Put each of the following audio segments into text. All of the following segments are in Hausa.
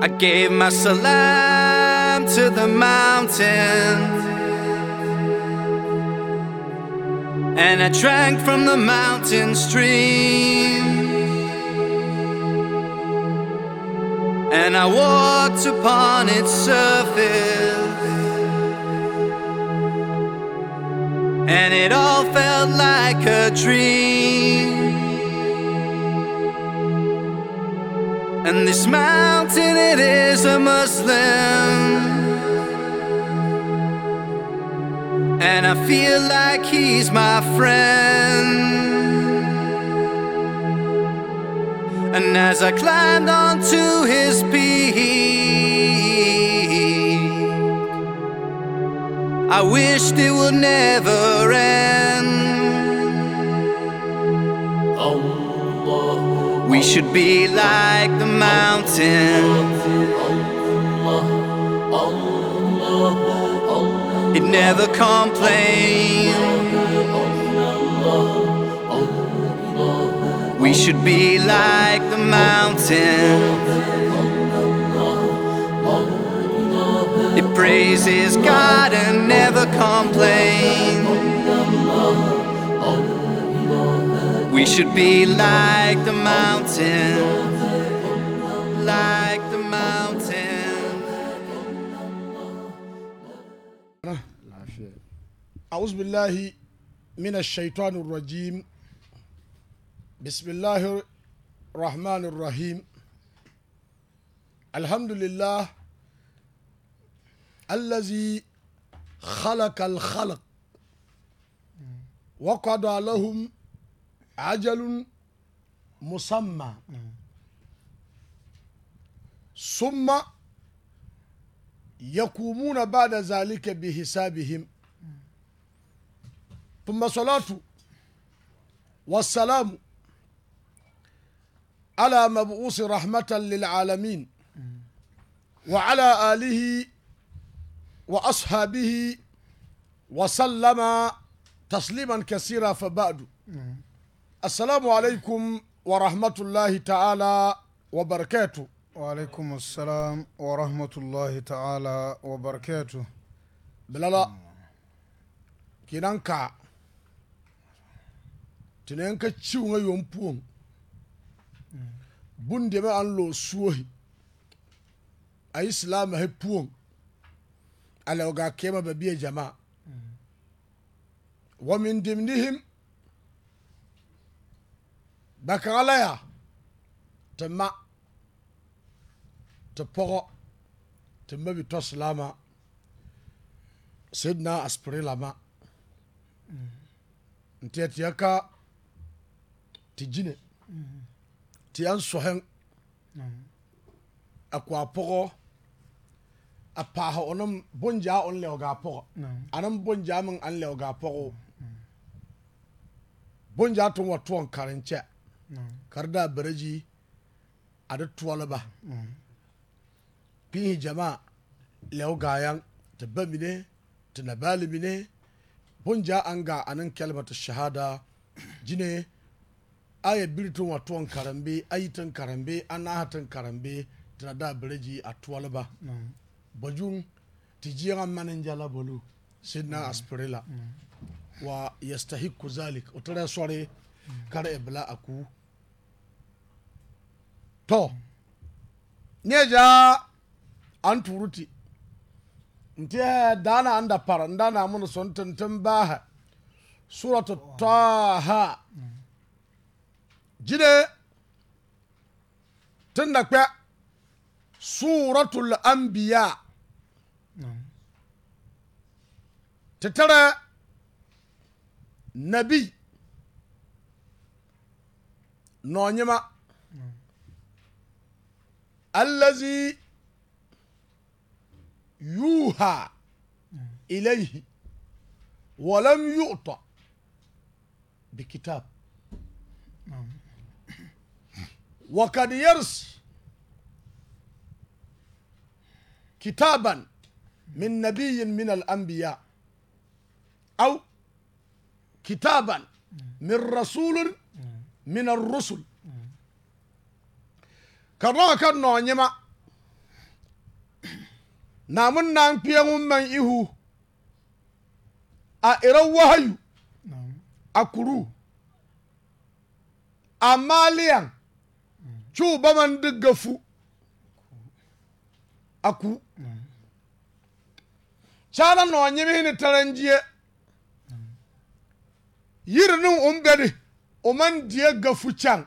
I gave my salam to the mountain. And I drank from the mountain stream. And I walked upon its surface. And it all felt like a dream. and this mountain it is a Muslim, and I feel like he's my friend. And as I climbed onto his peak, I wished it would never end. Oh. We should be like the mountain. It never complains. We should be like the mountain. It praises God and never complains. We should be like the mountain, like the mountain. أعوذ بالله من الشيطان الرجيم بسم الله الرحمن الرحيم الحمد لله الذي خلق الخلق وقضى لهم عجل مصمى ثم يقومون بعد ذلك بحسابهم ثم صلاة والسلام على مبعوث رحمة للعالمين وعلى آله وأصحابه وسلم تسليما كثيرا فبعد assalamu alaikum wa rahmatullahi ta'ala wa barakatu wa alaikum assalam wa rahmatullahi ta'ala wa barakatu bilala kinan ka tinen ka ciwon yon puon mm. bun de an lo suohi a islam he puon ala ga kema ba biya jama'a mm. wa min dimnihim ba kaŋa la ya te ma te pɔgɔ te ma bi tɔ silaama sedna aspire la ma n teɛ teɛ ka te gyine te yaŋ sɔheŋ a ko a pɔgɔ a paahɛ o neŋ bongyaa o lɛo gaa pɔgɔ a neŋ bongyaa meŋ aŋ lɛo gaa pɔgɔ bongyaa toŋ wa toɔŋ kareŋ kyɛ karda da a da tuwalba piihi gyamaa lɛo gaayaŋ ti ba mine ti mine bun aŋ gaa ane kɛleba ti shahada jine a yɛ watuwan karambe a yi karimbe karambe an na anahi da a tuwalba baju ti jieŋa maninja la bolu la wa yastahiku zalik o sware kare kari aku to nye ja an turuti nti dana anda para ndana mun sun tuntun baha suratu taha jide tun da kpe suratul anbiya tatara nabi nabi nonyima الذي يوحى إليه ولم يؤطى بكتاب وقد يرسي كتابا من نبي من الأنبياء أو كتابا من رسول من الرسل ka no ka no na mun nan man ihu a ira wahayu a kuru amma liyan cuba man duk gafu a ku cana no nyimi hini taranjiye yirinin umbedi uman diye gafu can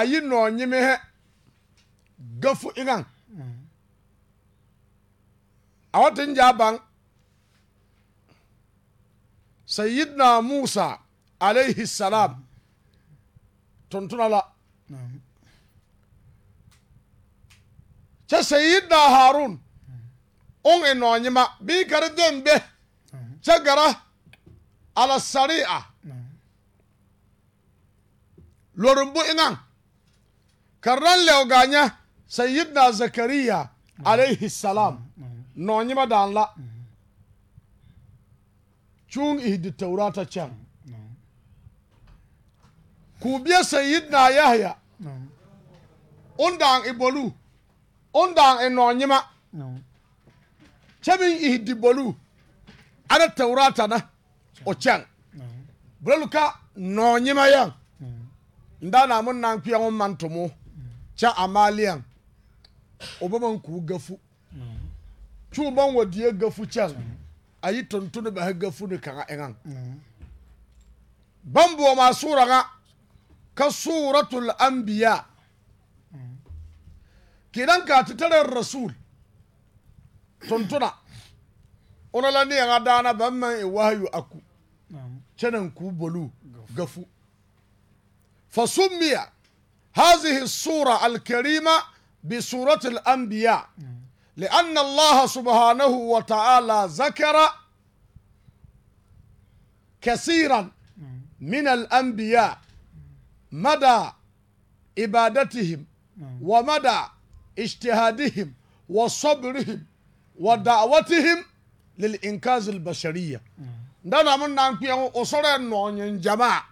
ayi nɔ nyimi hɛ gafu iŋaŋ awa tin jaa baŋ musa alayhi salam tuntuna la kyɛ harun on e nɔ ma bii kari den be kyɛ gara ala sari'a bu iŋaŋ karran lewgaanya sayidna zakariya alayhi salaam noonyima daan la cuun ihdi tawrata can kuubiya sayidna yahya un daan i bolu un daan i noonyima cabin ihdi bolu ada tawrata na o can bulaluka noonyima yan ndaa naamun naan kpiyaŋun man kyɛ amaliyan obama nkuu gafu twuu ban die gafu kyɛn ayi tontone bɛhɛ gafu ne kaŋa eŋaŋ ban boɔmaa suura ŋa ka suratul anbiya kedan kaa ti rasul tontona ona la neɛ ŋa daana ban man e wahayu aku kyɛ naŋ bolu gafu fa summiya هذه الصورة الكريمة بصورة الأنبياء لأن الله سبحانه وتعالى ذكر كثيرا من الأنبياء مدى عبادتهم ومدى اجتهادهم وصبرهم ودعوتهم للإنقاذ البشرية دانا من نانكي أصرنا نونين جماعة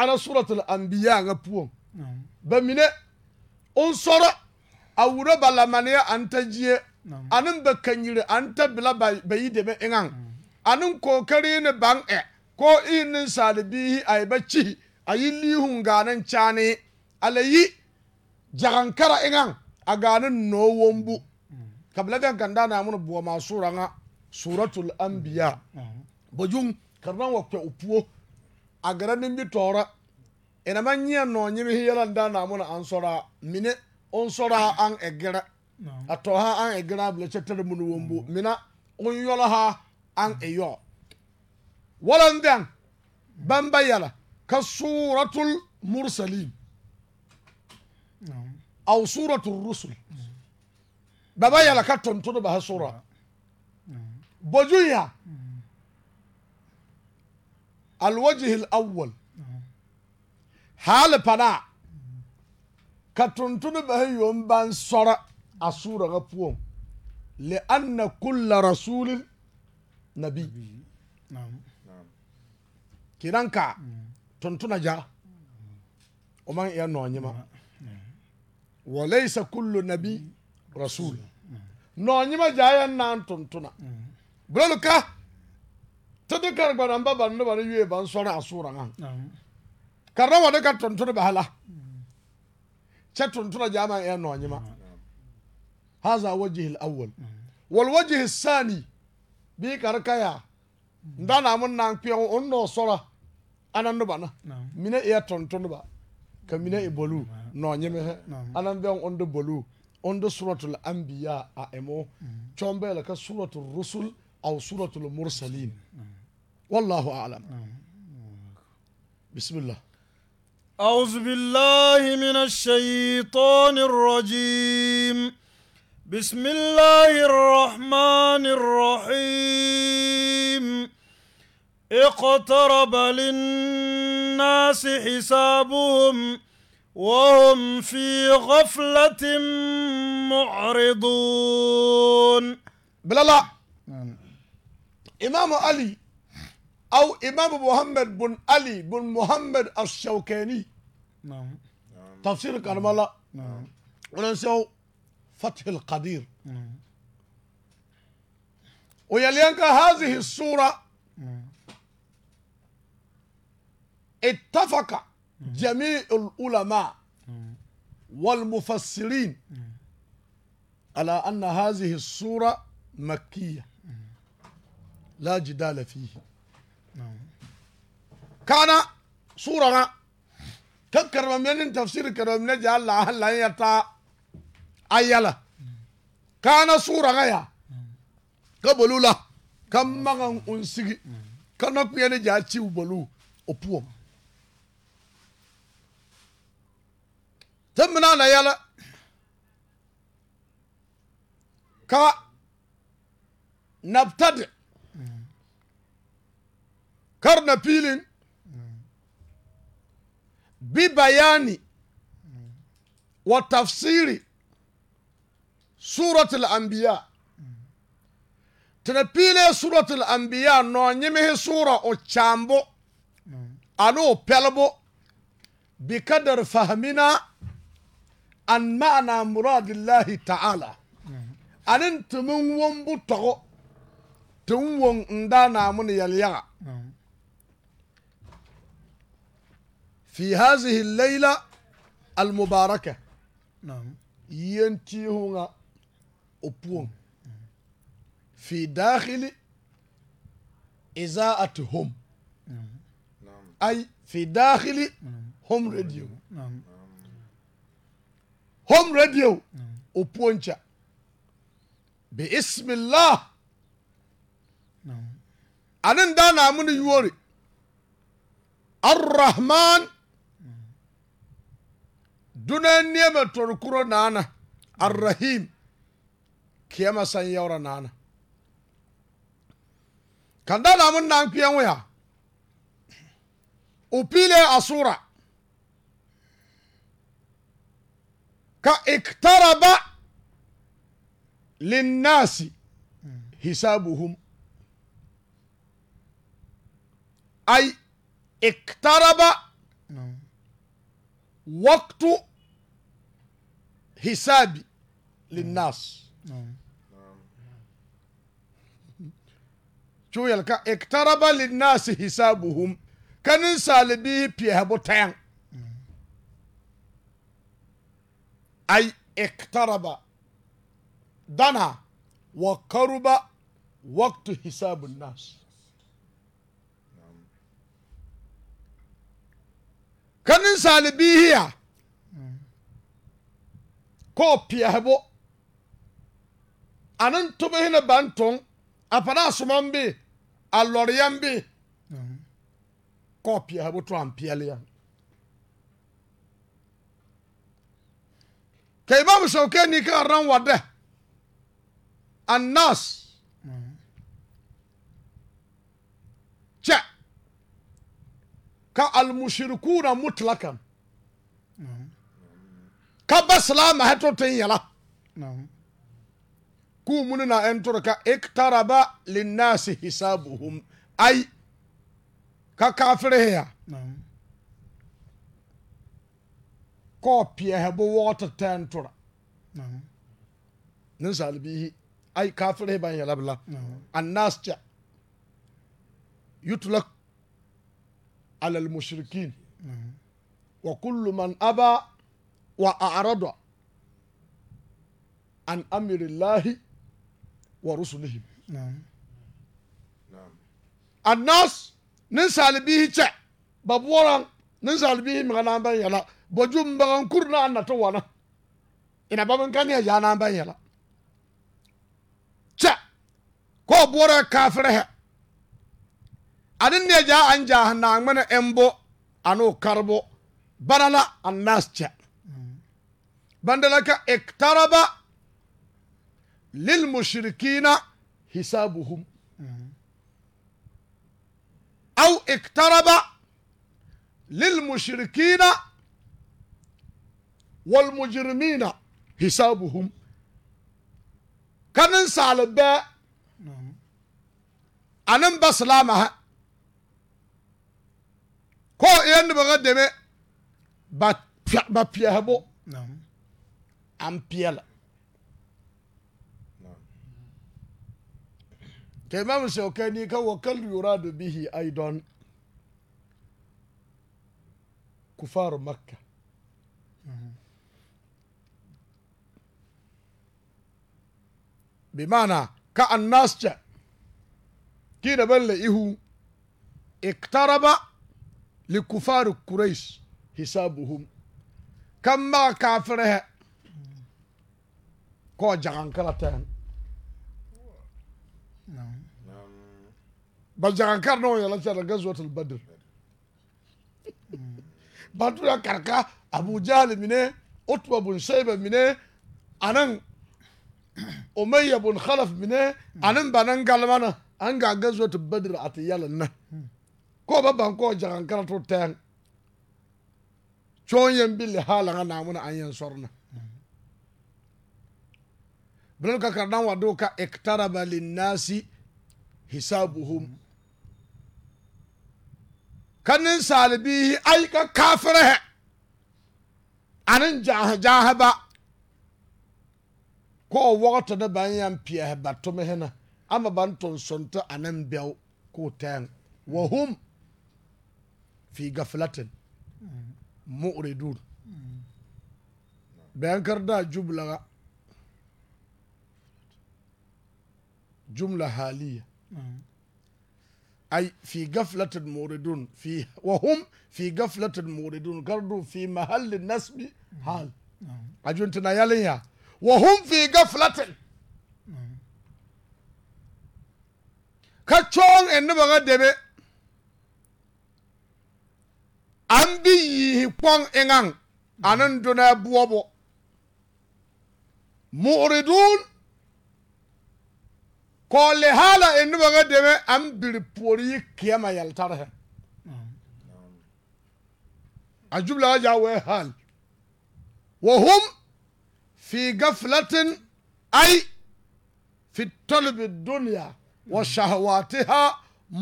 على سورة الأنبياء غبوهم نعم. ba mine onsɔrɔ a wuro ba jie anin ba kanyiri an bila ba yi deme eŋaŋ mm. anin kokari ni ban ɛ e, ko ii ninsaali biihi a yi ba chihi a yi liihun a yi jagankara eŋaŋ a gaanin noo wombu mm. ka bila den kan daa naamuni buwamaa suura ŋa suratul anbiya mm. bojum karnan wa kpɛ o puo a gara enama nyia no nyimi hiyala nda na mo na ansora mine onsora an egera ato ha an egera ble chetere mu no wombo mina onyola ha an eyo walandan bamba yala ka suratul mursalin aw suratul rusul baba yala ka tontono ba ha sura bojuya mm. alwajh alawwal hali pana ka tontoneba hi yoŋ baŋ sɔrɔ a suura ŋa poɔŋ li anna kulla rasulin nabi kenan ka mm. tuntuna ja o maŋ iya nɔɔnyema wa laysa kullu nabi mm. rasul mm. nɔɔnyema ja yɛn naaŋ tuntuna bulolu ka tɩ dɩ kãn ba ba noba ne yue baŋ sɔrɔ a suura ŋaŋ karena wɔde ka tontoro bɛ ha la kyɛ tontoro gyaama ɛyɛ nɔɔnyima haza wajihi awwal wal wajihi sani bi karkaya ndana mun nan kpe on no sora anan no bana mine iya tonton ba ka mine e bolu no nyeme he anan be on do bolu on do suratul anbiya a emo chombe la ka suratul rusul aw suratul mursalin wallahu a'lam bismillah أعوذ بالله من الشيطان الرجيم بسم الله الرحمن الرحيم اقترب للناس حسابهم وهم في غفلة معرضون بلا لا إمام علي أو إمام محمد بن علي بن محمد الشوكاني نعم تفسير كربلاء نعم وننسوا فتح القدير نعم ويلينك هذه الصورة نعم. اتفق نعم. جميع العلماء نعم. والمفسرين على أن هذه الصورة مكية لا جدال فيه كان صورة تذكر من تفسير كرم نجي هلا هلا يتا أيلا كان صورة غيا قبلوا له كم مغن أنسي كان أكبر نجي أتشي وبلو أبوه تمنا لا يلا كا نبتدئ كرنا بيلين bibayani wa tafsiri surat lambiya tene piile surat lambiya no nyemsi suura o cambo ani o pɛlbo bikadar fahmina an muradi muradillahi ta'ala ani tɩ min togo bu tɔgo tɩ n won n daa naamu ni في هذه الليلة المباركة نعم ينتهون أبوهم في داخل إزاءتهم نعم. أي في داخل هم نعم. راديو نعم. هم راديو نعم. أبوانشا باسم الله أنا دانا من يوري الرحمن duna niema torkuro nana arrahim kiyama san yaura naana kanda mun nan kwiyan wuya upile asura ka iktaraba linnasi hisabuhum ay iktaraba waktu حسابي للناس شو يلقى اقترب للناس حسابهم كان سالبي بيه بوتين أي اقترب دنا وقرب وقت حساب الناس كان سالبي هي kɔɔpeɛhebɔ ane ntobehe ne bantoŋ apada asomaŋ be a lɔreyaŋ be eh, kɔɔpeɛhebo to aŋ peɛleyaŋ ka imamu shaukeni ka ran wadɛ annas kyɛ ka almushrikuna mutlakan mm. ka ba silamahi to tin yala ku munu na en turka iktaraba linnasi hisabuhum ai ka kafirheya kɔɔ peɛhe bo wɔɔte tɛn tora nensaalibiihi ai kafirhe ban yɛla bila annas kyɛ yutlak ala almushrikin wa kullu man aba wa a'rada an amrillahi wa rusulihi annas ninsaalibihi kyɛ ba boɔraŋ ninsaalibihi meŋa naŋ baŋ yɛla boju mbaŋaŋ kuri na na te wɔna ina ba meŋ ka neɛ yaa naŋ baŋ yɛla kyɛ ko o boɔrɛ kaafirɛhɛ ane neɛ gyaa aŋ gyaahe o bana بندلك اقترب للمشركين حسابهم أو اقترب للمشركين والمجرمين حسابهم كان على الباء نعم. أنا بس كو ين بغدمه بات بات بيهبو نعم ampeɛle ta imam shaukani ka wa kal yuradu bihi aidan kufaru makka bimana ka annas ce kina balle ihu iktaraba likufari quraish hisabuhum kan ma kafirehe Kɔɔ jagan kala tahan ba jagan kar na yala cara gazwatul badr hmm. badura karka abu jahal mine utba bun shaiba mine anan umayya bun khalaf mine anan banan galmana an ga gazwatul badr ati yalan na hmm. ko ba ban ko jagan kala to tahan coon yen billi haalaŋa naamuna an yen sorna bilal ka kardan wado ka iktaraba linnasi hisabuhum kanin salibihi ai ka kafirhe anin jaha ba ko o wɔgɔtɔ ne ban yan piɛhi ba tumi hina ama ban tun sonto anin bɛw ko tɛn wahum fi gafilatin mm. mu'ridun bɛn kar da jublaga جملة حالية نعم. أي في قفلة موردون في وهم في قفلة موردون قردوا في محل النسب حال نعم. أجنتنا يليها وهم في قفلة نعم. كتشون إن غدبي an bi yihi kpɔŋ eŋaŋ ane dona buobo ko lihala e noba ŋa deme aŋ biri puori yi kiyama yeltare he a jubla wa jaa haal wa hum fi gaflatin ay fi talbi dunya wa shahawatiha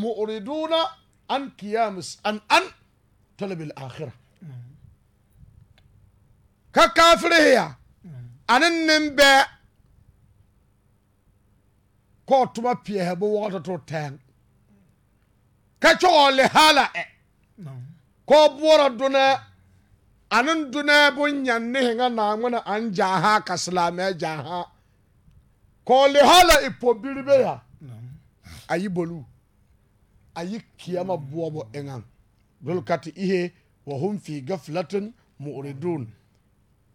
mu'riduna an kiyamis an an talbi l'akhira akhirah ka kafirihiya anin nin kɔɔ toma peɛɛhi bo wɔgɔtɔ to tɛɛŋ ka kyɔɔ lihaala ka silaamɛɛ gyaahaa kɔɔ lihaala e, e pobiribe ya ayi boluu ayi kiyama boɔbo ka te ihe wa hum fi gafilatin mu'ridun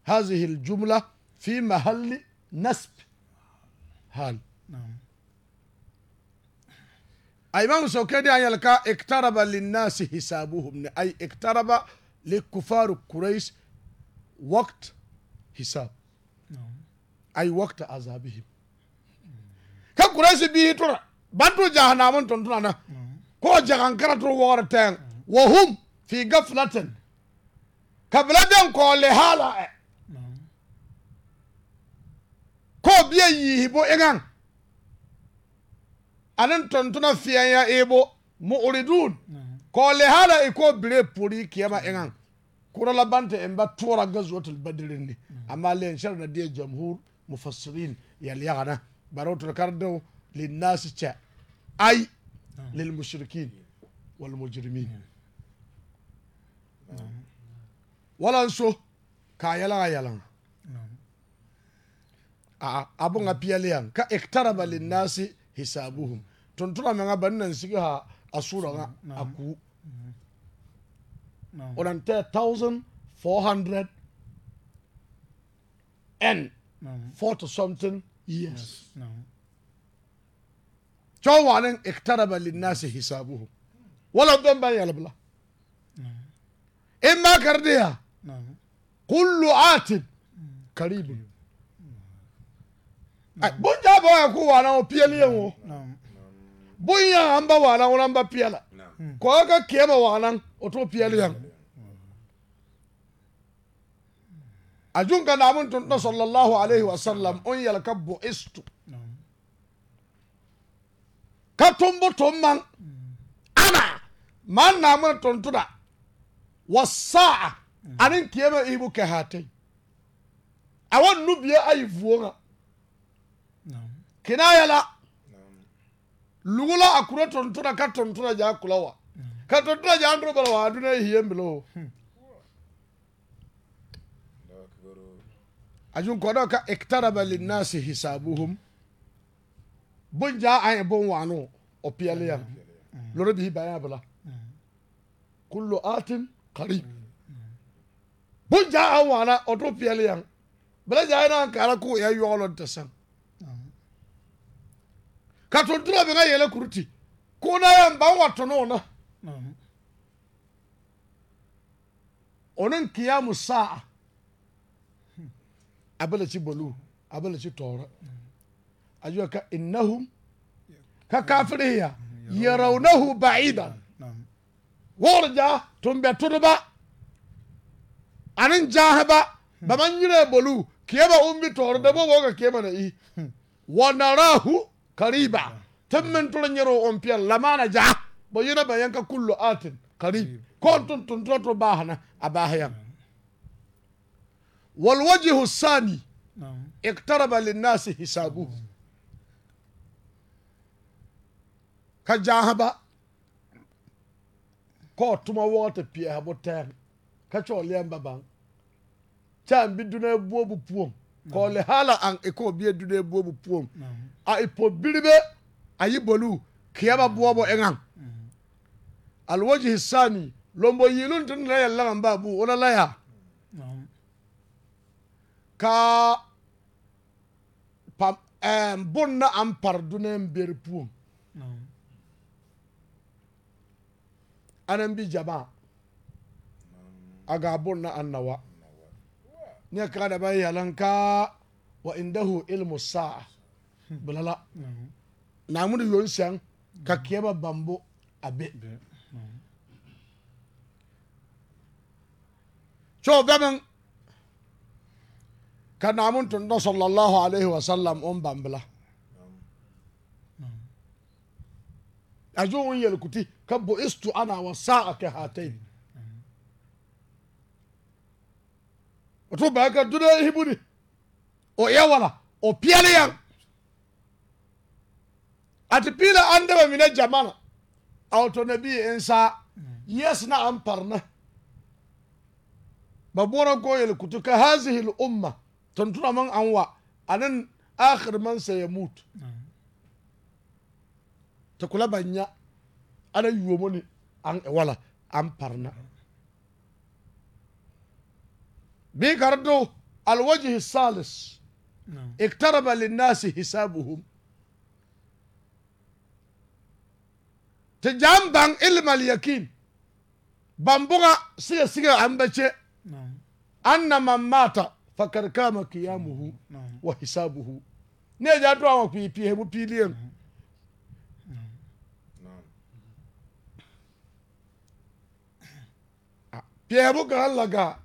هذه jumla في محل نسب هال نعم imam sokedi an yalka iktaraba linnasi hisabuhum ne ay iktaraba likufar quraish waqt hisab ay waqt azabihim ka quraish bi tura bantu jahannam ton tuna na ko jahan karatu wora tan wa hum fi gaflatin kabladan ko le hala e. ko biye yihibo egan. anin tontuna fiyan ya ebo uridun ko lehala e ko bire puri kiyama engan kura labanta en ba tura gazwatul badrin ne amma len shar na diya jamhur mufassirin yal yagana barotul kardo lin nas cha ai lil mushrikin wal mujrimin walan so ka yala yala a abun a piyaliyan ka iktaraba lin nasi hisabuhum tontona meŋa ba naŋ sige ha a sura ŋa a kuu o naŋ tɛɛ thousand four hundred and forty something years kyɔɔ waa ne iktaraba linnaasi hisabuhum wala bɛn bɛn yɛlɛ bila in ma kardiya kullu atin karibun bonja ba ya ku wana o piyali yan bonya an ba wana wana ba piyala ko ka kema wana o to piyali yan ajun ka namun tunta sallallahu alaihi wasallam on yal ka bo istu ka tumbu tumman ana man namun tuntuda wasa'a mm. anin kiyama ibu ka hatai awon nubiya ayi vuwa kinaya la lugula akura tontona ka tontona ja kula wa ka tontona ja andro bala wa aduna hiye mbilo ajun kodo ka iktaraba linnasi hisabuhum bunja ja ay bon wano o piyale bi bala kullu atin qarib bunja ja an wana o to piyale bala ja ina kara ko ya ka to dura be nga yele kuruti kuna ya wa tono na onin kiyamu sa'a abala ci balu abala ci tora ajuwa ka innahum ka kafiriya yarawnahu ba'idan warja tumbe turba anin jahaba baman yire balu kiyaba umbi tora da bo ga kiyama na i wa قريبة نعم. تمن تلنجرو أمبيان لما نجا بينا بيانك كل آت قريب كنتم تنتظروا باهنا أباهيان نعم. والوجه الثاني نعم. اقترب للناس حسابه كجاهبا kɔɔtoma wɔɔte peɛ ha bo tɛɛn ka kyɛ ɔleɛn ba baŋ bi duna buo bu kɔɔle hala an eko bie dune buo bu puom a ipo biribe ayi bolu kiyaba buo bo engan alwaji hisani lombo yilun tun la yalla man babu ona la ya ka pam eh bonna am pardune ber puom anan bi jaba aga bonna annawa ni a kaga da bai yalan ka indahu ilmu sa'a bulala na mu da yon siyan ka kiyaba bambo abe so gamin ka namun tunda sallallahu alaihi wa sallam on bambila a zo un yalkuti ka bo istu ana wa sa'a ka hatain oto ka duna hibuni o wala o piyaliyan ati pila an daba mine jamana a wato nabi sa yes na an parna babuwar koyar kutu ka hazihi al'umma tuntuna man an wa a akhir man sa ya mutu ta kula banya ana yiwo mani an wala an parna بيكاردو الوجه الثالث اقترب للناس حسابهم تجامبا علم اليقين بامبوغا سيا سيا امبتشي ان من مات فقد قام قيامه وحسابه نيجا تو اوا بي بي هبو بيليان بي هبو كان لغا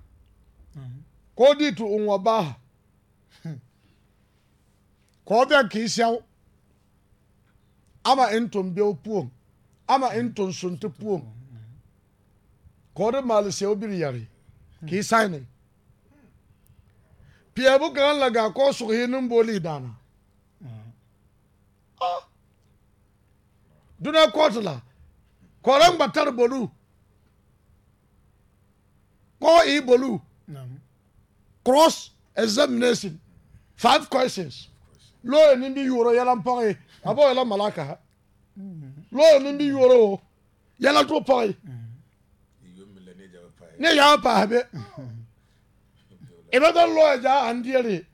kódìtù òǹwọ̀ba kọ́ọ́bẹ̀ kìí ṣẹ́wó ama intum bɛo puoŋ ama intum sunti puoŋ ka o de maale seɛo biri yɛre ka i sãne peɛɛbu kaŋa la gaa kɔɔ sugehi neŋ duna kɔɔte la kɔɔra ŋma tare bolu kɔɔ ii bolu cross examination five questions lɔɔre ni bi yuoro yɛlɛ mpɔgɔ ye a b'o yɛlɛ malaka ha lɔɔre ni bi yuoro o yɛlɛ t'o pɔgɔ ye ne y'a paahi bɛ i bɛ taa lɔɔre jaa an diɛri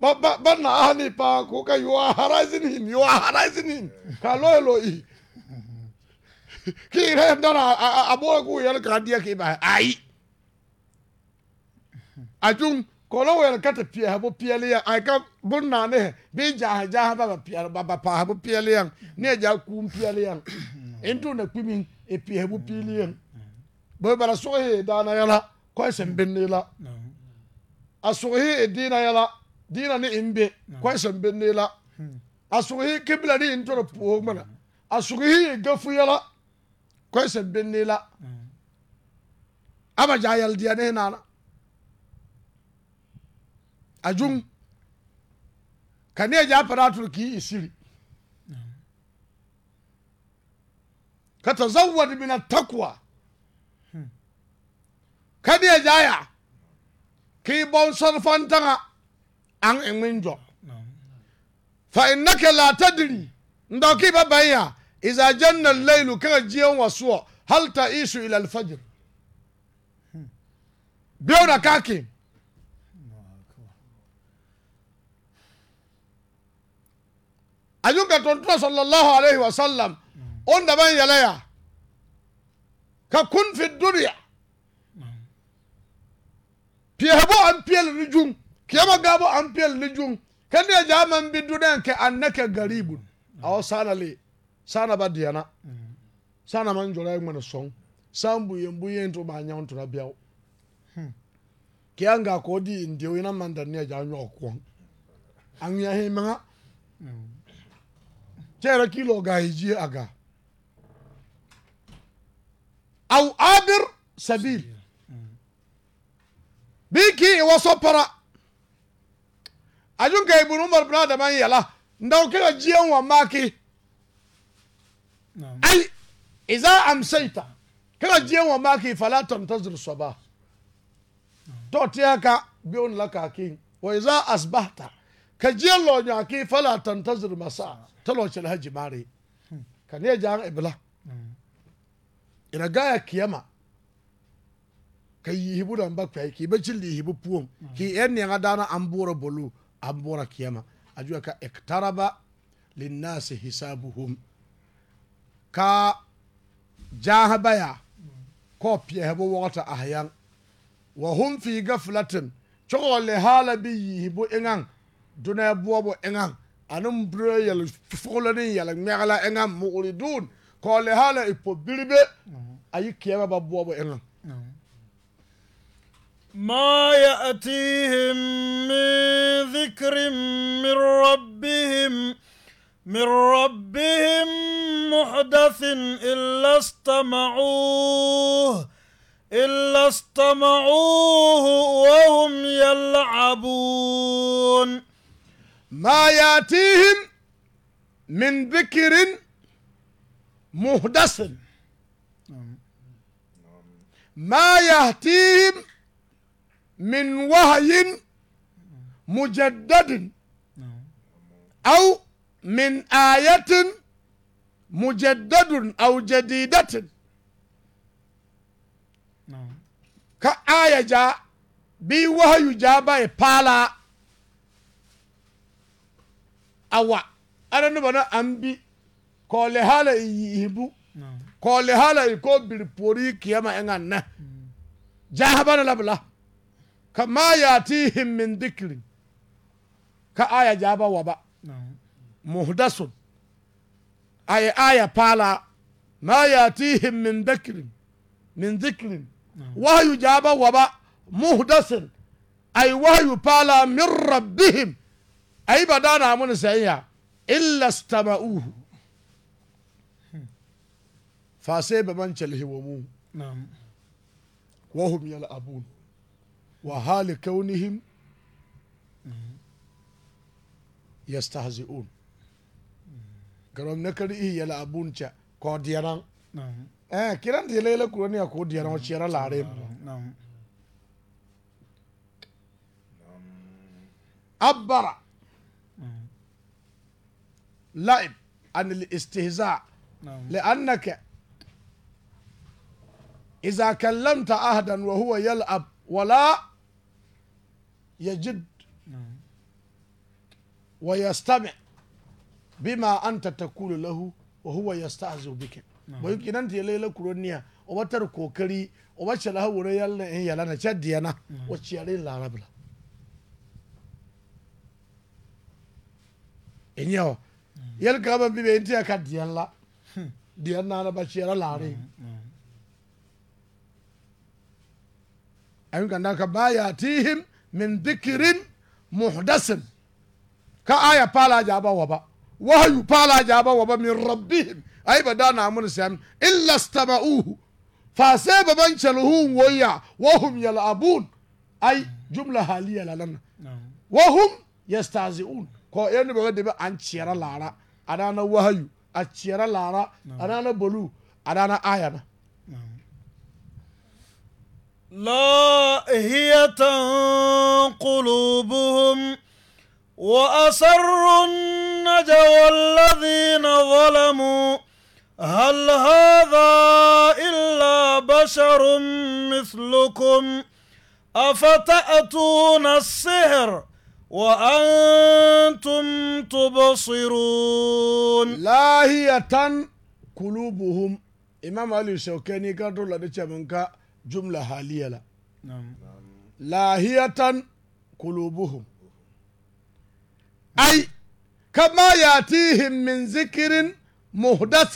ba ba ba na aha ni paa ko ka you are harassing him you are harassing him ka lɔɔre lɔ i mm-hmm. k'i yɛrɛ dara a a b'o k'u yɛrɛ k'a diɛ k'i ba ayi adwum kɔlɔn wɛrɛ kata pie ha bo peɛle yan ayi ka bon naane hɛ bi jaaha jaaha ba ba peɛle ba ba paaha bo peɛle yan ne yɛ jaa kuun peɛle yan n na kpimi e pie ha bo peɛle yan bɔn bara sɔgɔ daana yala kɔɛ sɛn benne la a sɔgɔ he e diina yala diina hmm. ne en be kɔɛ sɛn benne la a sɔgɔ he kibila ne en tɔrɔ puo ŋmana a sɔgɔ he e gafu yala kɔɛ sɛn benne la hmm. ama jaa yɛlɛ diya ne naana. ajum ja aparatul ki isiri ka tazawwad min at-taqwa ja ya ki bon sarfan ta an min jo fa innaka la tadri ndo ki babaya iza janna lailu laylu jiyan wasuwa hal ta isu ila al-fajr hmm. biyo da kakin ajun ka tontuma sallallahu alaihi wa sallam on daban yalaya ka kun fi duniya piyahabo an piyal ni jun kiyama gabo an piyal ni jun kan jaman bi duniya ke annaka garibun aw sana le sana ba diyana sana man jora ngman song san buye buye to ba nyaw to na biaw kiyanga ko di ndiyo ina mandania ja nyokon an ya manga mm. kyɛrɛ kilo ga hijie aga aw abir sabil ki iwa sopara ajunka ibn umar bin adam an yala ndaw kira jiyan wa maki ai idza amsayta kira jiyan wa maki fala tantazir sabah to tiyaka biun laka lakakin wa idza asbahta ka jiyan lo nyaki fala tantazir masa talocin hajji mare ka ne jan ibla ina gaya kiyama ka yi hibu da ba ki bacin li hibu puwon ki yan ne ga dana an bora bolu an bora kiyama ajuwa ka iktaraba linnasi hisabuhum ka jaha baya ko piyahebo wogta ahyan wa hun fi gaflatin chogo le hala bi yihibu ingang dunaya bu ingan anin bire yɛl sugla ne yɛl ŋmɛgla eŋa mugridun kɔɔle hala ipo po biribe ayi kiyama ba boɔbo eŋa ما يأتيهم من ذكر من ربهم من ربهم محدث إلا استمعوه إلا استمعوه وهم يلعبون ma yatihim min dhikirin muhdasin ma yahtihim min wahyin mujaddadin أو من آية مجدد أو جديدة كآية جاء بي وهي جابا يبالا awa ara noba na aŋ bi kɔɔle hala e yiihibu kɔɔle hala e ko biri puori kiyama eŋa nɛ jahaba na la bila ka ma yaatihim min ka aya jahaba waba muhdasun aye aya paala ma yaatihim min min dikirin wahyu jahaba waba muhdasun ay wahyu paala min rabbihim ai ba dana mun sayayya illa stama'uhu fa sai ba man hiwamu na'am wa hum yal'abun wa hal kaunihim yastahzi'un garam na kari yal'abun cha ko diyaran na'am eh kiran de lele kurani ko diyaran o chira lare na'am abbara لعب عن الاستهزاء نعم. لأنك إذا كلمت أحدا وهو يلعب ولا يجد نعم. ويستمع بما أنت تقول له وهو يستهزئ بك نعم. ويمكن أن تلي لك رنيا وبتر كوكري وبتشل هو يلا يلا نشد ينا وتشيلين لا ربلا إنيو yel kaba bi be ntia ka diɛn la diɛn naana ba seɛrɛ laare ɛn ka nan ka baa yaatihim min dikirin muhdasin ka aya paala jaaba waba wahyu pala jaaba waba min rabbihim ayi ba daa naamun sɛm illa stama'uhu faasee ba ban kyɛlehun woya wahum yal'abun ay jumla haliya la wahum yastazi'un ko yɛn ni bɛ an kyerɛ laara anaana wahayu a kyeɛrɛ laara anaana bolu anaana ayana هي قلوبهم وأسروا النجوى الذين ظلموا هل هذا إلا بشر مثلكم أفتأتون السحر وأنتم تبصرون لاهية قلوبهم إمام علي شوكاني قدر لديك منك جملة حالية لا نعم لاهية قلوبهم أي كما يأتيهم من ذكر مهدس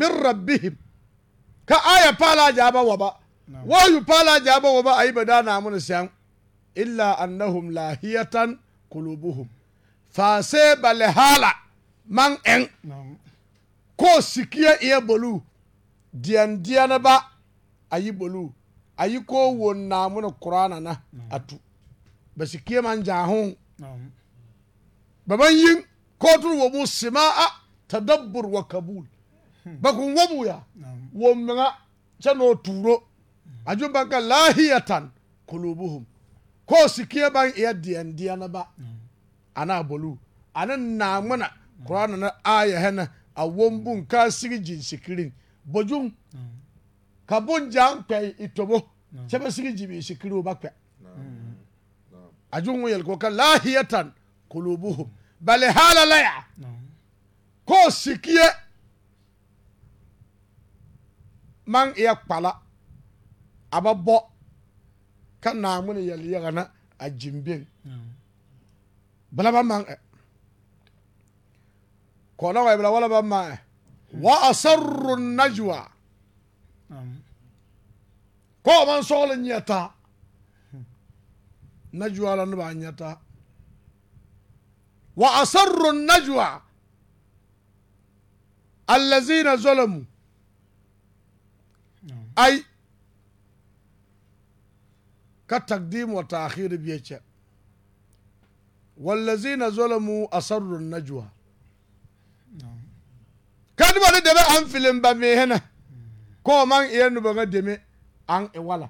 من ربهم كآية بالا جابا وبا نعم. ويو بالا جابا وبا أي بدانا من السيام illa annahum lahiyatan kulubuhum fase balehala man en ko sikiya iya bolu diyan diyana ba ayi bolu ayi ko won namu na qur'ana na atu ba sikiya man jahun baban yin kotul wo mu sima'a tadabbur wa kabul hmm. bakun wabu ya wo mga chano turo hmm. ajun ka lahiyatan kulubuhum kɔɔsi kee ban eɛ deɛn deɛn ba ana bolu ana naamuna kora na na aayɛ hɛ na a wɔn bun kaa sigi jinsikirin bojum ka bon jaa kpɛ itobo kyɛ bɛ sigi jinsikiri o ba kpɛ ajun yɛlɛ ko ka laahiyatan kulubuhum bali haalalaya kɔɔsi kee man eɛ kpala a ba bɔ. ka naaŋmen yɛl yaga na a gyimbeŋ bala ba maŋ e kɔɔna wa e bala wala ba maŋ e wa asarru najwa kɔɔ maŋ sɔgli nyɛ taa najwa la noba a wa asarru najwa allazina zalamu ay ka takdim wa ta'khir biye ce a zalamu asarrun najwa kadi ba de an filin ba me hena ko man iya nu ba deme an e wala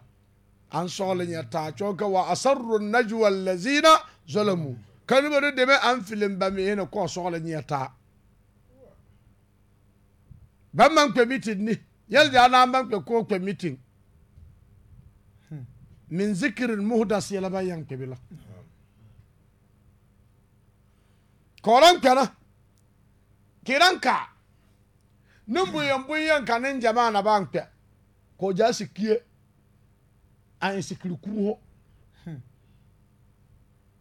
an sɔgli nyɛ taa kyɔnka wa asarru najwa allazina zalamu kani ba de deme an filin ba me hena ko sɔgli nyɛ taa ban man kpɛ mitin ni yɛl de anan kpɛ ko kpɛ mitin min zikirin muhdas yɛlɛba yan kpɛbi la kɔɔrɔn kpɛna kiran ka ne bonyen bonyen ka ne gyamaa na ban kpɛ k'o gyaa sikie a en sikiri kuru hɔ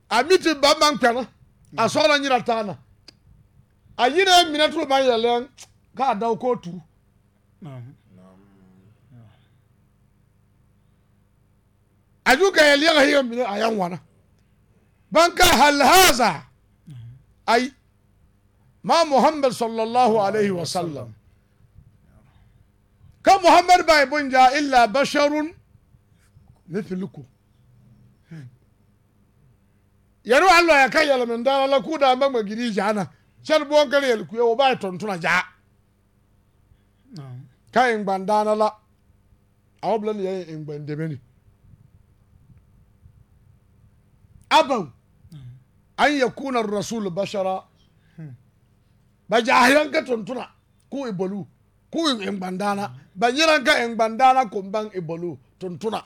a miti ba man kpɛna a sɔgla nyira taa na a yina mine toro ban yɛlɛn k'a da o k'o turu. Mm -hmm. A ya yaliyaga hiyo mine yan wana ban ka haza ay ma muhammad sallallahu alaihi wa sallam ka muhammad bai bun ja illa basharun ne mithlukum yaro allah ya kai yalamin dala la kuda mama gidi jana shan bon kare yalku yo bai tontuna ja kai ngbandana la awblan yayin ngbandemeni أبوا أن يكون الرسول بشرا بجاهلان كتنتنا كو إبولو كو إنباندانا بنيران كا إنباندانا كمبان إبولو تنتنا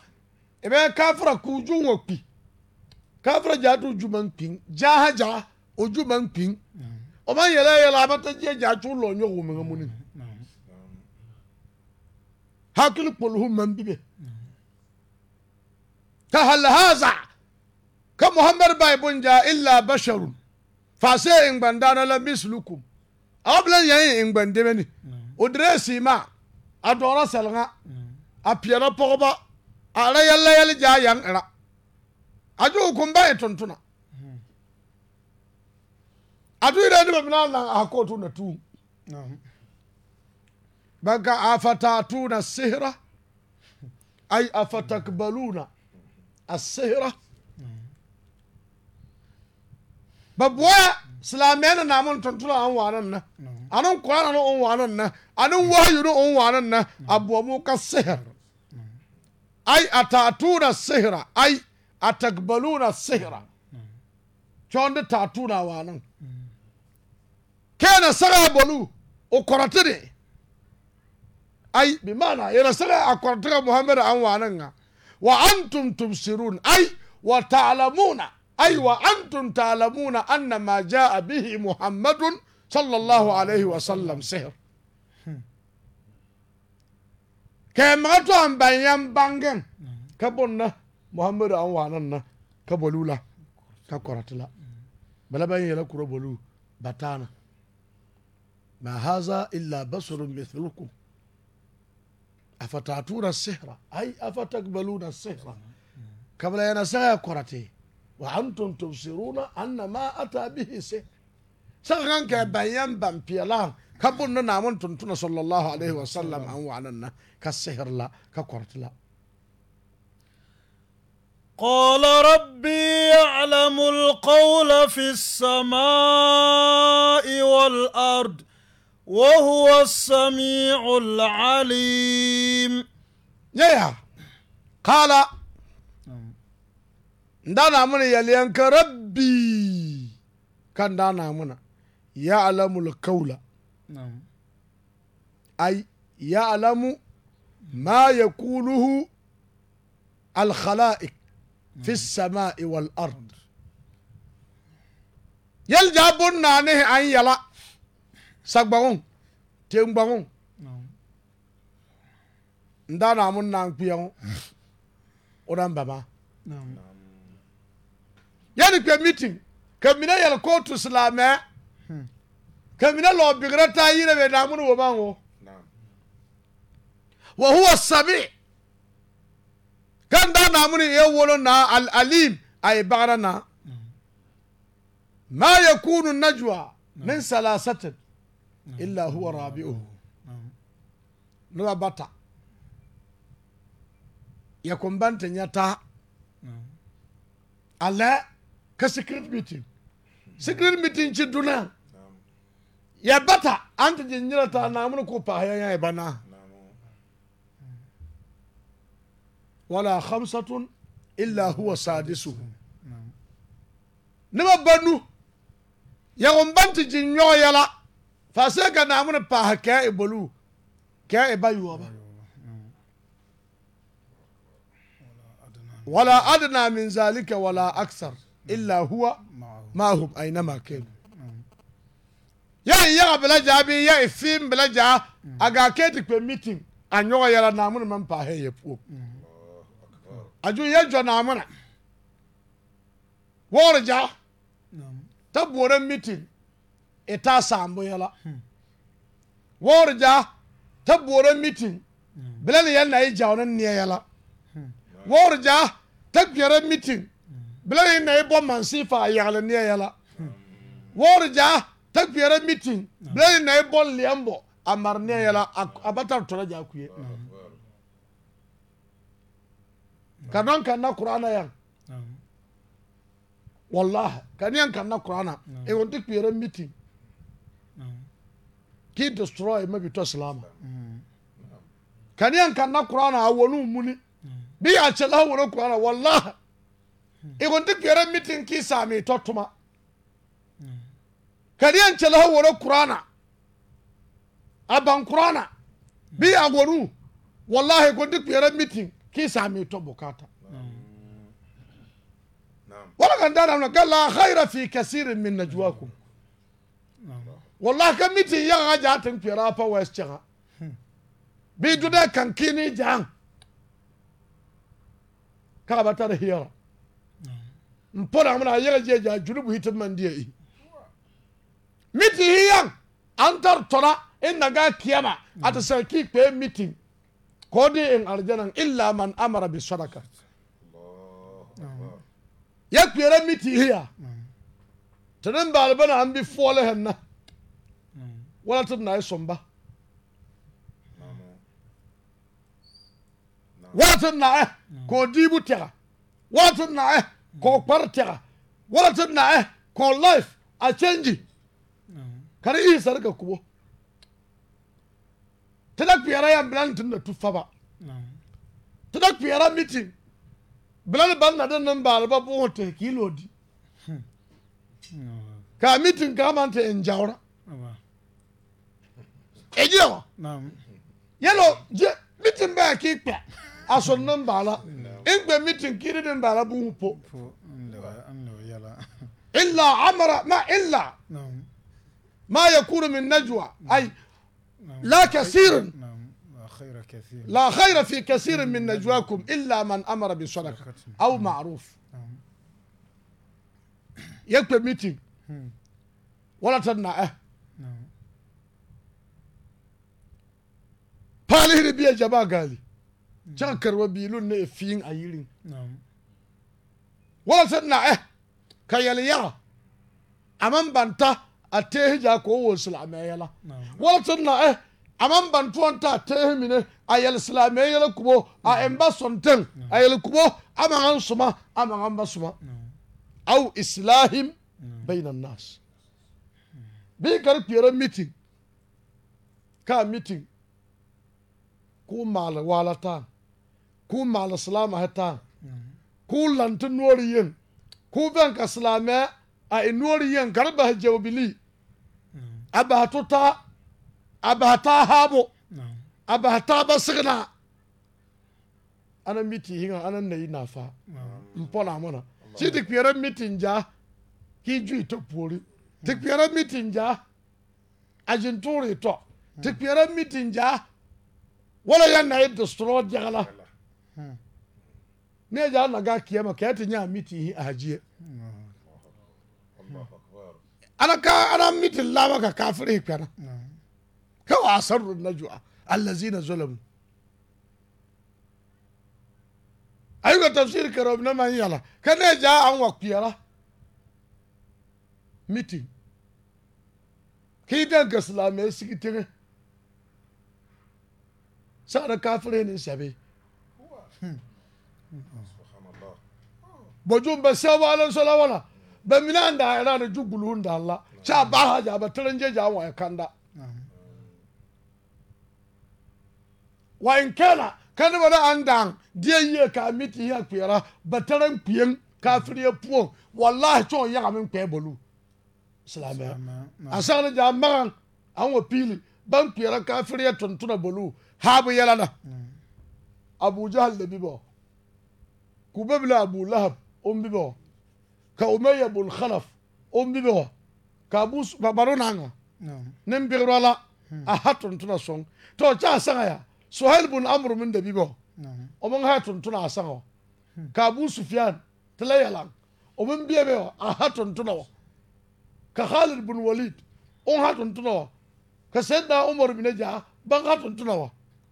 إبه tuntuna. كوجو kafra jaa tu juma nkpin jaa ha jaa o juma o ma yɛlɛ yɛlɛ a bɛ taa jɛ jaa tu lɔ nyɔ wo mɛŋa muni hakili kpoluhu man bibe ka hali haza ka muhammad bai bun ja illa basharun in ingbanda na la mislukum abla yayi ingbande beni odresi mm. ma adora salnga a piyara pɔgeba a ra yɛlɛ yɛlɛ gyaa yan ira. a kun bai e tontona a tu yɛrɛ ne ba mina lan a ko tu na tu a afatatuna sihra ay afatakbaluna asihra ba boya silamɛn na naamu tontona an waanan na ani kɔrɔn na an waanan na ani wahayu na an waanan na a bɔmu ka sihir ai a taatuna sihira ai a tagbaluna sihira kyɔn de taatuna waanan kɛna saga bolu o kɔrɔti de ai bi maana yɛrɛ saga a kɔrɔti ka muhammadu an waanan ŋa wa antum tumsirun ai wa taalamuna أيوة أنتم تعلمون أن ما جاء به محمد صلى الله عليه وسلم سهر كما أن بيان بانجن كبنا محمد أن واننا كبولولا كقرتلا بلا بين يلا كربولو بتانا ما هذا إلا بصر مثلكم أفتعتون السحر أي أفتقبلون السحر قبل أن أسعى قرتي وأنتم تبصرون أن ما أتى به سحر سغان كبيان بام بيلا كبن نامن تنتنا صلى الله عليه وسلم أو عننا كالسحر لا كقرت لا قال ربي يعلم القول في السماء والأرض وهو السميع العليم يا قال ndana muna yaliyanka rabbi kan dana muna ya alamul kaula ai ya alamu ma ya kuluhu alkhala'ik fi sama'i wal ard yal jabun na ne an yala sagbawon tengbawon ndana mun na nkpiyan uran baba yani kpɛ meeting ka yel ko kootu silaamɛɛ ka mina lɔɔ bigrɛ taa yire be daamune wo maŋ wa huwa sabi kan daa naamune yɛ wolo na al alim a bagra na ma yakunu najwa min salasatin illa huwa rabi'uhu noba bata ya kumbante nyata nyɛ taa كسكرت ميتين سكرت ميتين شدونا يا بطا أنت جنجرة تنامون كوبا يا بنا ولا خمسة إلا هو سادسه نما بنو يا غنبنت جنيو يلا فاسكا نامون باها كا إبلو كا إبايو أبا ولا أدنى من ذلك ولا أكثر illa huwa ma'ahum aina ma kanu yɛn yaga belaja bi ya ifi belaja mm. a gaa ke ti pe mitin a nyɔgɔ yɛlɛ naamuna man paa he ye poɔ mm. a ju yɛ jɔ naamuna wɔɔre ja ta boore mitin e taa saambo yɛlɛ hmm. wɔɔre ja ta boore mitin hmm. bilali yɛn na ye jaw ne neɛ yɛlɛ wɔɔre ja ta kpɛre mitin bila yi na yi bɔ mansin fa a yaɣali neɛ yɛla wɔɔre jaa ta kpeɛrɛ mitin bila yi na yi bɔ leɛn bɔ a mari neɛ yɛla a ba tari tɔrɔ jaa kuye ka nɔn kan na kurana yan wallahi ka neɛ kan na kurana e wɔn ti kpeɛrɛ mitin k'i destroy ma hmm. hmm. bi tɔ silama ka neɛ kan na kurana a wɔlu muni bi a cɛla wɔlɔ kurana wallahi. igun ti kpɛrɛ mitin k'i saami tɔ tuma ka di yan woro kurana a ban kurana bi a gonu wallahi igun ti kpɛrɛ mitin k'i saami tɔ bukata wala kan da daminɛ ka la fi kasirin min najwakum wallahi ka mitin yaga ka jaa tin kpɛrɛ a pa wɛs cɛŋa bi dudɛ kan kini jaŋ kaga ba hiyara mpola amna yaga jeja junubu hitam man diye miti hiyan antar tora inna ga kiyama ata sarki pe miti kodi in aljanan illa man amara bi sadaka ya kuyere miti hiya tanin balbana an bi fole henna wala tum na somba wala tum na ko dibu tera wala tum na k'o kpar tɛga wala ti naɛ eh, k'o life a change ka di ihi sari ka kubo ti da kpeɛra yan bila ni ti na tu faba ti da kpeɛra meeting bila ni ban na di ni baali ba buɣu ti kiilo di ka a meeting ka man jawra e jiya wa yalo je meeting bɛɛ k'i kpɛ aso niŋ baala n gbɛ mitin kiri din baala buŋ po illa amara ma illa ma yakunu min najwa ay لا كثير لا خير في كثير من نجواكم إلا من أمر بصدقة أو معروف يكبر ميتين ولا تنع أه بالي ربيع جماعة قالي can mm. karwa bilun ne fiyin a yiri wala na eh ka yaliya aman banta a tehi ja ko wo silame yala wala sun na eh aman banta ta tehi mine a yali silame yala kubo a emba sonten a yal kubo aman an suma aman an ba suma au islahim bainan nas bi kar kpiyara meeting ka meeting ko maala wala taa كون مع الاسلام حتى كون لانت نوريين كون بانك اسلام اي نوريين قربها جواب لي نعم. ابها توتا ابها تا هابو نعم. ابها تا بسغنا انا ميتي هنا انا ني نافا نعم. مبولا مونا سيدك بيرا ميتي نجا كي جوي تبولي تكبيرا ميتي نجا اجنتوري تو تكبيرا ميتي نجا ولا ينعي الدستور جغلا ne za na ga kiyama ka yata nya miti a hajiye ana ka ana mitin lama ka kafirai kana kawa asarrun najwa allazina zulamu ayiwa tafsir kɛra na man yala ka ne ja an wa kuyara miti k'i den ka silamɛ sigi teŋɛ saara kafire ni sɛbe bojum be sebo alan sola wala be mina nda era ne jugulu nda la cha ba ha ja ba tranje ja wa kanda wa in kana kan ba an dan die ye ka miti ya kwera ba taran kwiyen kafiriye puo wallahi chon ya min kwe bolu islamɛ asagre ja magan an wa pili ban kwera kafiriye tuntuna bolu habu yalana mm. abu jahal da bibo كباب ابو لهب ام بيبو كأمية بن خلف ام بيبو كابوس بارون عنها نعم نم بيرولا أهاتون تونا سون تو جا سنايا سهيل بن أمر من دبيبو نعم أمم هاتون تونا سنوا كابوس سفيان تلايا لان أمم بيبوا تونا كخالد بن وليد ام Walid تونا كسيدنا عمر بن Sayyidina Umar bin تونا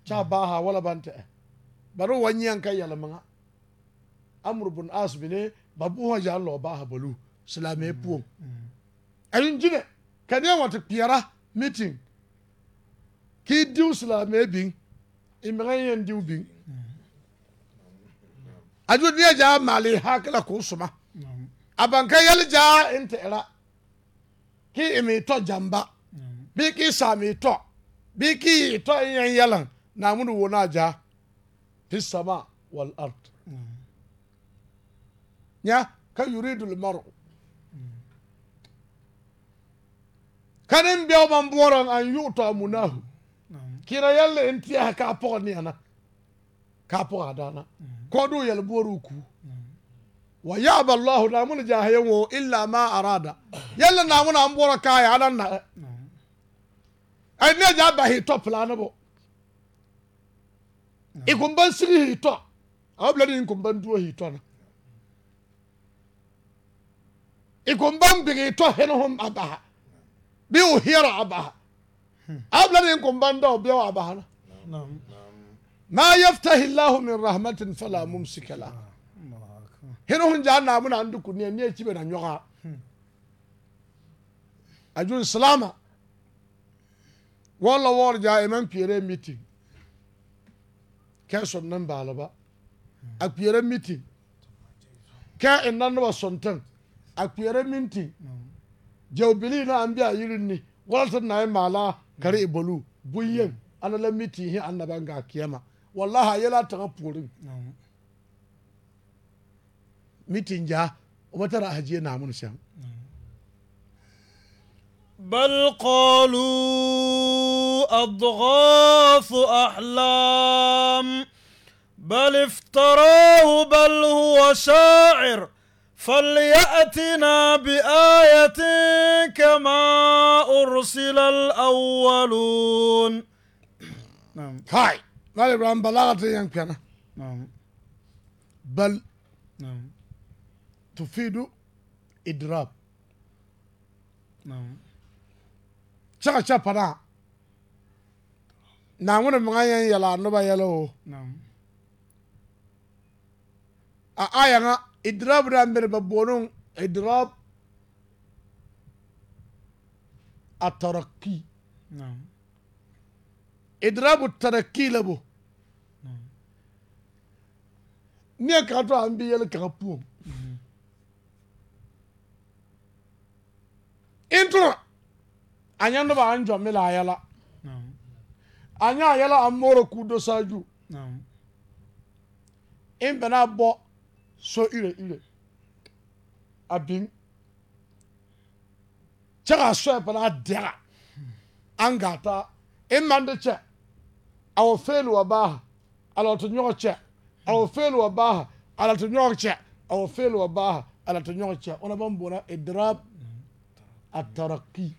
جا باها ولا cha baha wala banta baro amr bin as mine eh, babu hɔ yaa lɔ ba habalu silamɛ mm, puom ɛyin mm. jinɛ kaneɛ wɔte kpeɛra meeting kii diw silamɛ bin imɛŋɛ yɛn diw bin mm. aju neɛ gyaa maale hakila k'o soma abanka yɛli gyaa n tɛɛra kii imi tɔ jamba bii kii saami tɔ bii kii tɔ yɛn yɛlɛn naamu ni wo naa gyaa fi sama wal ard nya ka yuridul mar'u kanin bɛo man boɔrɔn an yu'ta munahu kira yalle in tiya ka pɔgɔ niana ka pɔgɔ dana ko du yɛl boɔru ku wa yaba allah na mun jahayen wo illa ma arada yalle na mun an boɔrɔ ka ya nan na ai ne ja ba hi top la na bo ikumban sigi hi to aw bla ni ikumban duo hi to na ikombanbigi itɔ henhum abaha bi o hira abaha abla ni nkomban da obi wa abaha na no. ma yaftahi allah min rahmatin fala mumsika la henhum ja na mun andu kunni ne ci be na nyoga ajun salama wala war ja imam piere meeting kɛn sɔn nan baaleba a kpeɛrɛ meeting kɛn e nan noba sɔntan a kpeɛrɛ minti jɛwbilii na an be a yirin ni wala tɩ na n maala kare e bolu bõn-yeŋ ana la mitiisi an na ban gaa kiyama wallahi a yɛla taŋa puoriŋ mitin jaa wa tara a hajiye naamun sɛŋ بل قالوا اضغاث احلام بل افتراه بل هو شاعر فليأتنا بآية كما أرسل الأولون نعم هاي لا إبراهيم بلغت ينكنا نعم بل نعم تفيد إدراب نعم شاكا شاكا نعم نعم نعم نعم نعم يلو نعم آه، آية رامبر ببونون idraab الترقي نعم إضراب الترقي لبو نعم نيا كاتو عم بيال كابوم انتو أنيا نبا انجو ملا يلا نعم أنيا يلا امورو كودو ساجو نعم ان بنا بو so ire-ire e e a biŋ kyɛ kaa sɔɛ panaa dɛga aŋ gaa taa eŋ maŋ de kyɛ a wa feeli wa baaha a la te nyɔge kyɛ a wa feeli wa baaha a la te nyɔge kyɛ a wa feeli wa baaha a la te nyɔge kyɛ ona baŋ boɔna idraab a taraki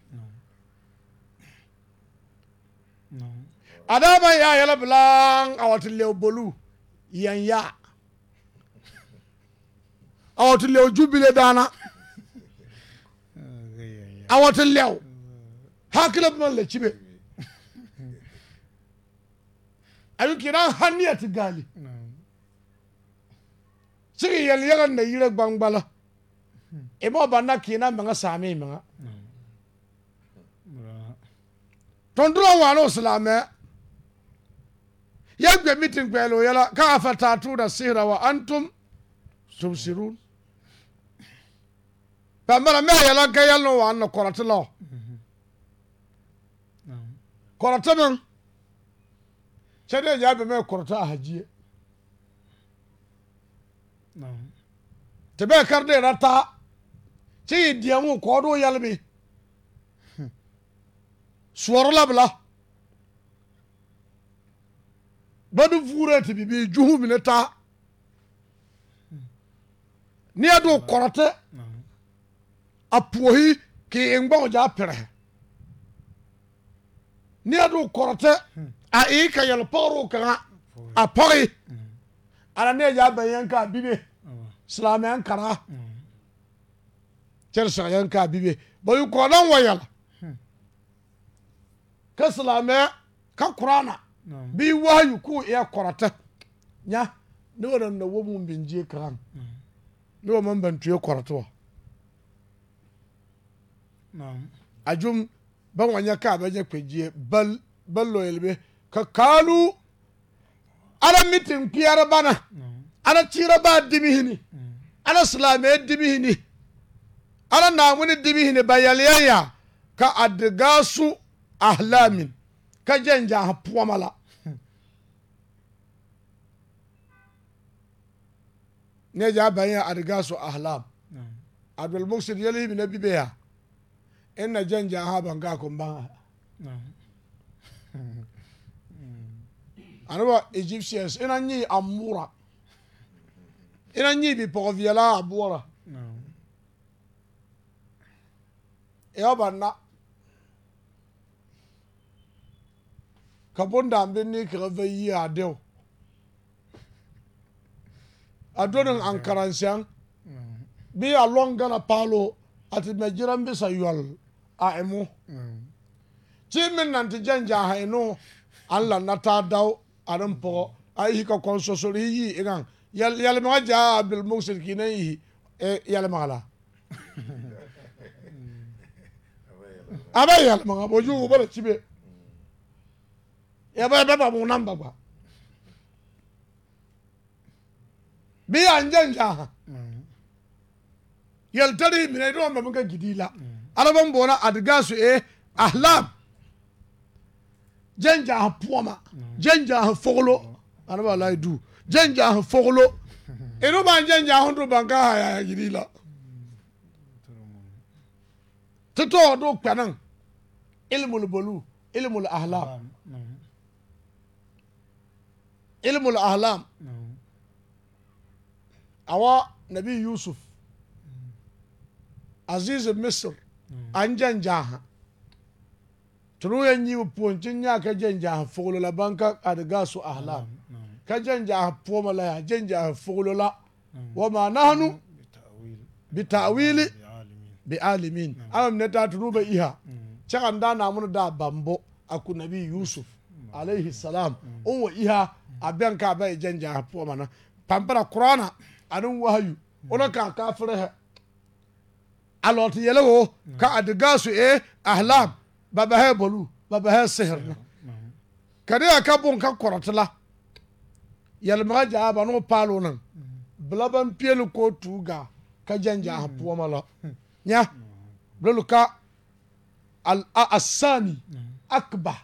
yaa yɛlɛ bilaaŋ a te lɛo boluu yɛŋ yaa awɔte lew jubile daana awɔte lew hakile bima le a ayu kiran haniya ti gaali sigi yɛli yaga na yire gbangbala ima e ba na kina maŋa sami maŋa tondura waana o silamɛ ya gbɛ mitin kpɛɛli o k'a kaa fa taatu da sihira wa antum tubsirun bambara mɛ a yɛlɛ gɛyɛlɛ wa na kɔrɔtɛ lɔ kɔrɔtɛ meŋ kyɛ de yaa bɛ mɛ kɔrɔtɛ a hajie te bɛ kari de yɛrɛ taa kyɛ yi deɛŋ o kɔɔ de o yɛlɛ mi juhu mine taa neɛ de o kɔrɔtɛ. No apuohi e e ke ngbɔn gyaa pirɛhi neɛ de kɔrɔtɛ a ii ka yɛl pɔgroo kaŋa a pɔgi ana neɛ gyaa bɛn yɛn kaa bibe silaamɛn karaa kyɛre sɛg yɛn kaa bibe ba yu kɔɔdan wa yɛl ka silaamɛ ka kuraana bii wahayu k'o eɛ kɔrɔtɛ nya noba na na wo mun bin jie kaŋaŋ noba man ban tuye kɔrɔtɛ wa adwom bɛwanyɛ kaa bɛnyɛ kpɛgyie bɛ loyal be ka kaalu ara mitin kpeɛrɛ bana ara kyeerɛ baa dimihini ara silaamɛɛ dimihini ara naawuni dimihini ba e yɛleyɛya ka adgasu ahlamin ka gyɛngyaaha poɔma la ne gyaa bɛn yɛ adigaasu ahlam abdulmuxin yɛlihi mine bibeya ina janja ha banga kumban anaba egyptians ina nyi amura ina nyi bi pɔgɔ viɛla ya boɔra ɛyɛ ba na ka bondambinni kaga va yi a deo a do ne bi a lɔŋ gana paalo ati mɛgyera mbisa yɔl a ɛmo tiimi nante gyɛngyaaha ɛno an la nataa daw ane pɔgɔ a ihi ka kɔn sɔsɔre yi eŋaŋ yɛlemaŋa gyaa a bil moksin kii na ihi yɛlemaŋa e, la a bɛ yɛlemaŋa bo ju o bɛ tibe yɛ bɛ bɛ ba mo namba gba bi yan gyɛngyaaha. Mm yeltari mine ɗo ma muka gidila alaban bona adgasu e eh, ahlam jenja ha puoma jenja ha foglo anaba lay du jenja ha foglo eno ban jenja ha ndo banka ha ya gidila toto do kwanan ilmul bulu ilmul ahlam ilmul ahlam awa nabi yusuf azizin misir mm. an jan jaha tunu yan yi puon tin ka jan jaha foglo la banka adga su ahla mm, mm. ka jan jaha poma la ya jan jaha foglo la wa ma nahnu bi ta'wili bi alimin am ne ta tunu ba iha chakan da na mun da bambo A nabi yusuf alayhi salam on wa iha abyan ka ba jan jaha poma na pampara qur'ana anun wahyu ona ka kafire alɔɔte yɛlɛ wo ka mm. adi gaasu e eh, ahlam babahɛ bolu babahɛ sihir na mm. kadi a ka bon ka kɔrɔti la yɛlɛmaga jaa ba n'o paalo na mm. bilaban peeli k'o tuu gaa ka jɛn jaa poɔ ma la nya bilolu ka asani akba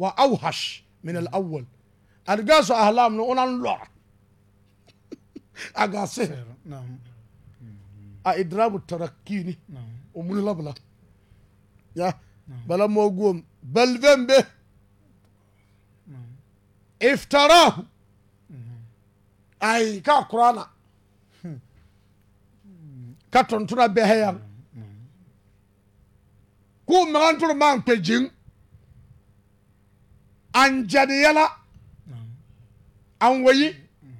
wa awhash min al awwal adi gaasu ahlam na lɔr a gaa sihir a idrabu tarakini o muni labla ya bala mo gom bal vembe iftarahu mhm. ay ka qur'ana hmm. ka tontuna beheyan ku magantur man pejin an jadi yala an wayi hmm.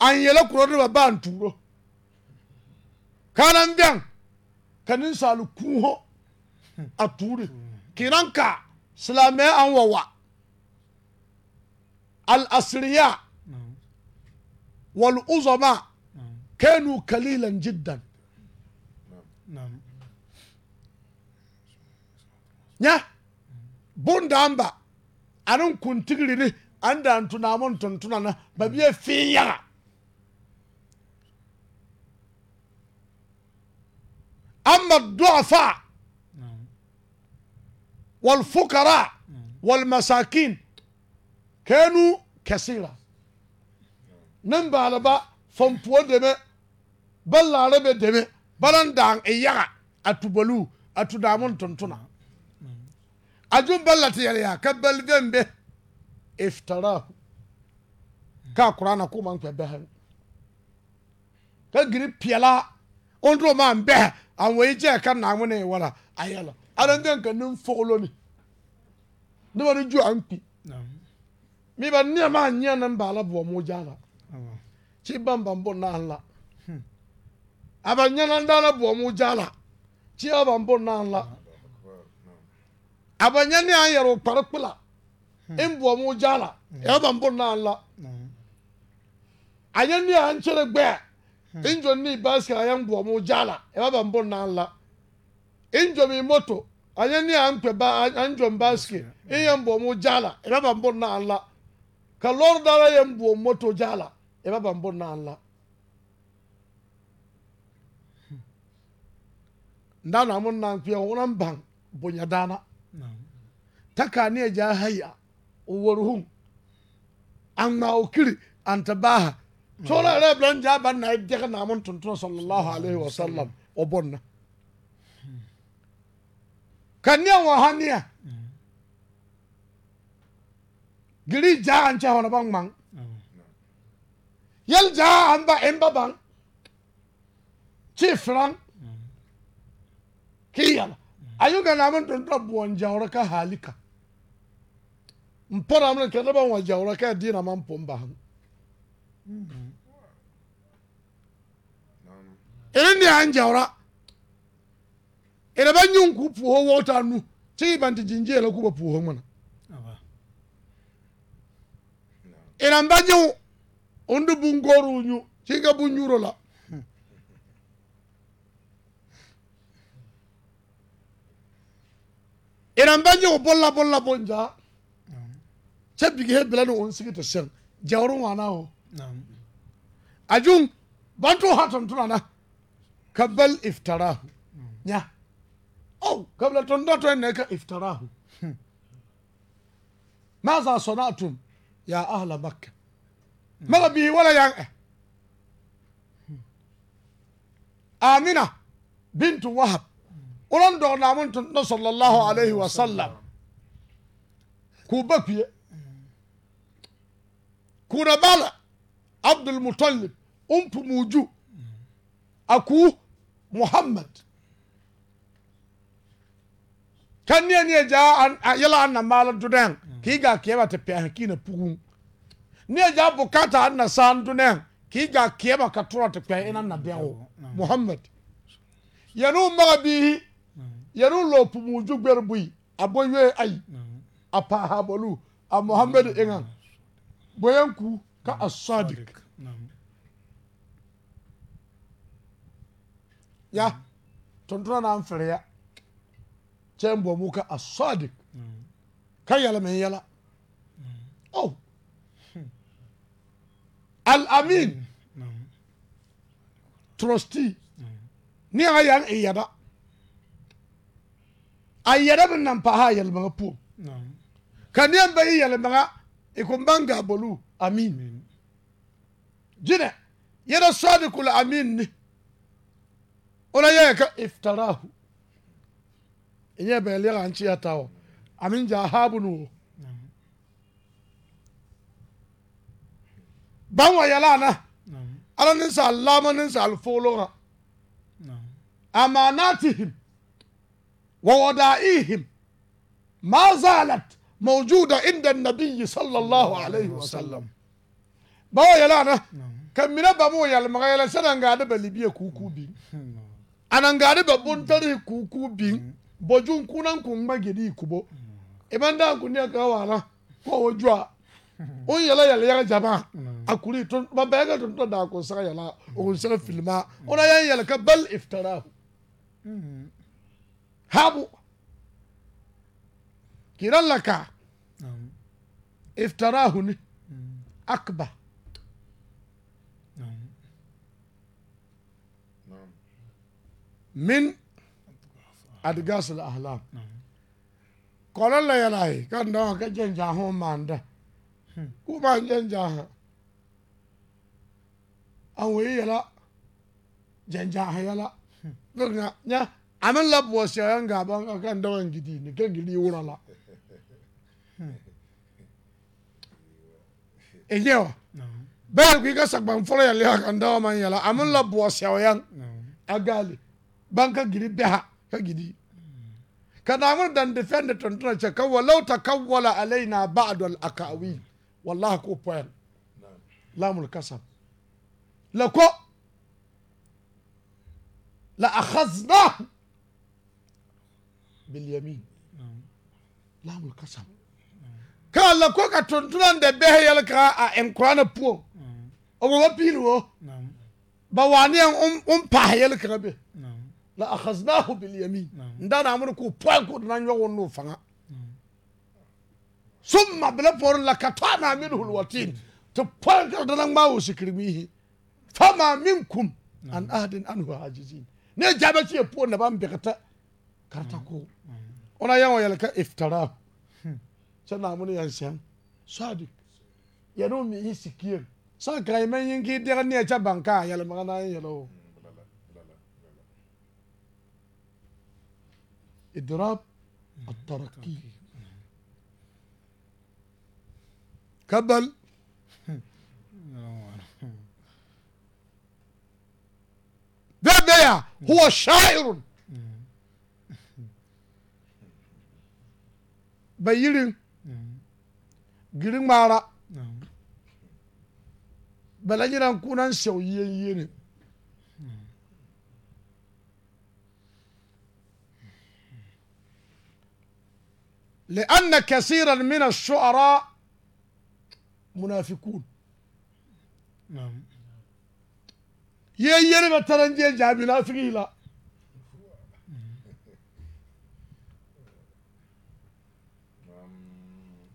an yela kuro ba ban turo kanan biyan kanin saali kuho a turi kinan ka silamɛ an wawa al'asiriya wal uzama kanu kalilan jiddan nya bundamba anin kuntigiri ne an da tunamun tuntuna na ba biye fi yaga أما الضعفاء والفقراء والمساكين كانوا كثيرا نمبا على با فمبو دمي بلا عربي دمي بلان دان إياغا أتبولو أتدامون تنتنا أجون بلا تياليا كبال ذنبه افتراه ka kura na ko man kwa behe ka giri piela ondro man behe àwọn ẹjẹ ẹka nàámu ní ìwọra ayé lọ adantɛ nka ne nfɔlɔ ni noba ni ju an kpi mi ba neɛ maa nyɛ ne ba la bɔ mo gyaa la kye ban ban bɔ naan la a ba nyɛ ne daa la bɔ mo gyaa la kye a ban bɔ naan la a ba nyɛ ne an yɛrɛ o kpare kpila en bɔ mo la a ban bɔ naan la a nyɛ Hmm. injo ni baski ayan bo mu jala e baba mbo na la injo mi moto ayan ni an pe ba anjo baski iyan bo mu jala e baba mbo na la ka lor dara yan bo moto jala e baba mbo na la ndana mun nan pe wonan ban bonya dana taka ne ja haya woruhum amma okiri antabaha sɔɔla yɛrɛ bila n jaa ba na ye jɛgɛ naamu tuntun sallallahu alayhi wa sallam o bɔn na ka neɛ wɔ ha neɛ giri jaa an kyɛ hɔnɔ ba ŋmaŋ yɛl jaa an ba en ba baŋ kyi firan kii yɛl ayu ka naamu tuntun buwɔn jawɔrɔ ka haali ka n pɔra mi ka ne ba wɔn jawɔrɔ ka diina man pɔn ba haŋ. ene ne a njawra ene ba nyun ku puho wota nu ti ban ti jinje i la ku ba puho mana ene ba nyu ondu bungoru nyu ti ga bunyuro la ene ba nyu bolla bolla bonja t y ɛ bigi he bila ne wɔn sigi te sɛn jaworo w a n a o ajun bantu ha t o n t u n a na. كبل افتراه يا أو قبل تندوت إنك افتراه ماذا صنعتم يا أهل مكة ما به ولا يعني آمنة بنت وهب ولن دعنا من صلى الله عليه وسلم كوبكية كوربالة عبد المطلب أم موجو أكو muhammad kan nia nia jaa yɛla anna maala dunɛŋ hmm. kii gaa kiyɛma ti pɛɛsi eh, kiina pugum nia ja bukata anna saan ki kii gaa kiyɛma ka tura ti kpɛɛ ina eh, na hmm. hmm. muhammad yɛnu maga biihi yɛnu lɔ pumuu ju bui a bɔ ayi a a muhammad eŋa bɔyɛn ka a sadiq ya tontona naŋ fireya kyɛ n boɔmu a sɔdik ka yɛlɛ meŋ yɛlɛ o al amin trustee neɛ a yɛŋ e yɛda a yɛda meŋ naŋ paahaa yɛlemaŋa puom ka neɛ ba yi e yɛlemaŋa e ko baŋ bolu amin gyinɛ yɛda sɔdikul amin ni ona yɛ ka iftarahu ɛnyɛ bɛɛlɛ a nkyea ta o ani gya ahabu no wo ban wa yɛla ana ala ne nsa alama ne nsa alfolo ha amanatihim ووضائهم ما زالت موجودة عند النبي صلى الله عليه anangari bɛ bontari kuku bin bɔjun kunan kun ma gidi kubo iman da kun ne ka wala ko wo jua on yala yala jama a kuri tun ba ba yaga to da ko saka yala o kun saka filma ona yan yala ka bal iftara habu kiran laka iftara ne akbar min adgasul ahlam kɔlɔ la yɛlɛ ayi kan ka dɔɔ ka jɛnjaa hɔn maanda k'u maa jɛnjaa hã a wei yɛlɛ jɛnjaa hã yɛlɛ ŋa nyɛ a meŋ la boɔ seɛ ka n gidi ni ka gidi wura la e nyɛ wa bɛɛ k'i ka sagban fɔlɔ yɛlɛ ka n dɔɔ man yɛlɛ a meŋ la boɔ banka giri beha ka gidi ka damar dan defend tontona ce kan walau ta kawwala alaina ba'd al akawi wallahi ko poem lamul kasam la ko la akhazna bil yamin lamul kasam ka la ko ka tontona da behe yal ka a enkwana puo o ba pilo ba wani on on pa yal ka be no. la akhaznahu bil yamin nda na amuru ko poy ko na nyo wonu fanga summa bila por la katana minhu al watin to poy ko da nan bawo sikirmihi fama minkum an ahadin anhu hajizin ne jabe ci po na ban bekata karta ko ona yan wa yalka iftara sai na amuru yan sian sadik yanu mi isikiyen sa kai men yin ki ne cha banka yalma na yan اضراب الترقي كبل ده هو شاعر بيلين جرين مارا نعم. بلجنا كونان سويين يين لأن كثيرا من الشعراء منافقون نعم ييني مثلا جيل جاب منافقين لا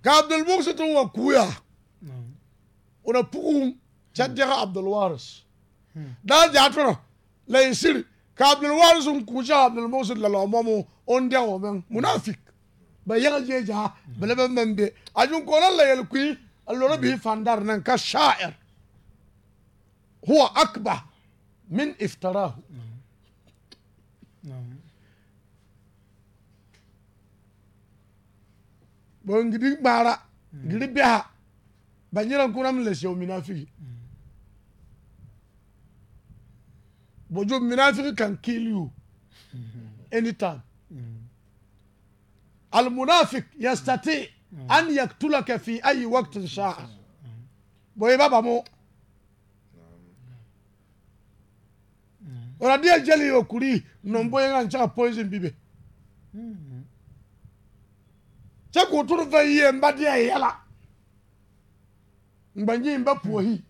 عبد المقسط هو كويا نعم. ولا بوم جدها عبد الوارث ده جاتنا لا يصير كعبد الوارث كوجا عبد المقسط لا مامو اون ده منافق ba yag jeja bala ba membe ajun kona la yel kui allora bi fandar nan ka sha'ir huwa akba min iftarahu bon mm. gidi bara gidi biha ba nyiran kuna mun leshe minafiki mm. bojo minafiki kan kill mm-hmm. anytime mm. almunafik yastati an yaktulaka fi ayi waktin shaa boye baba babamu mm. oradiya jeli yo kuri nga nchaka poison bibe kyɛ k'o toro fɛ yie n ba deɛ yɛla n gba nyi n ba puohi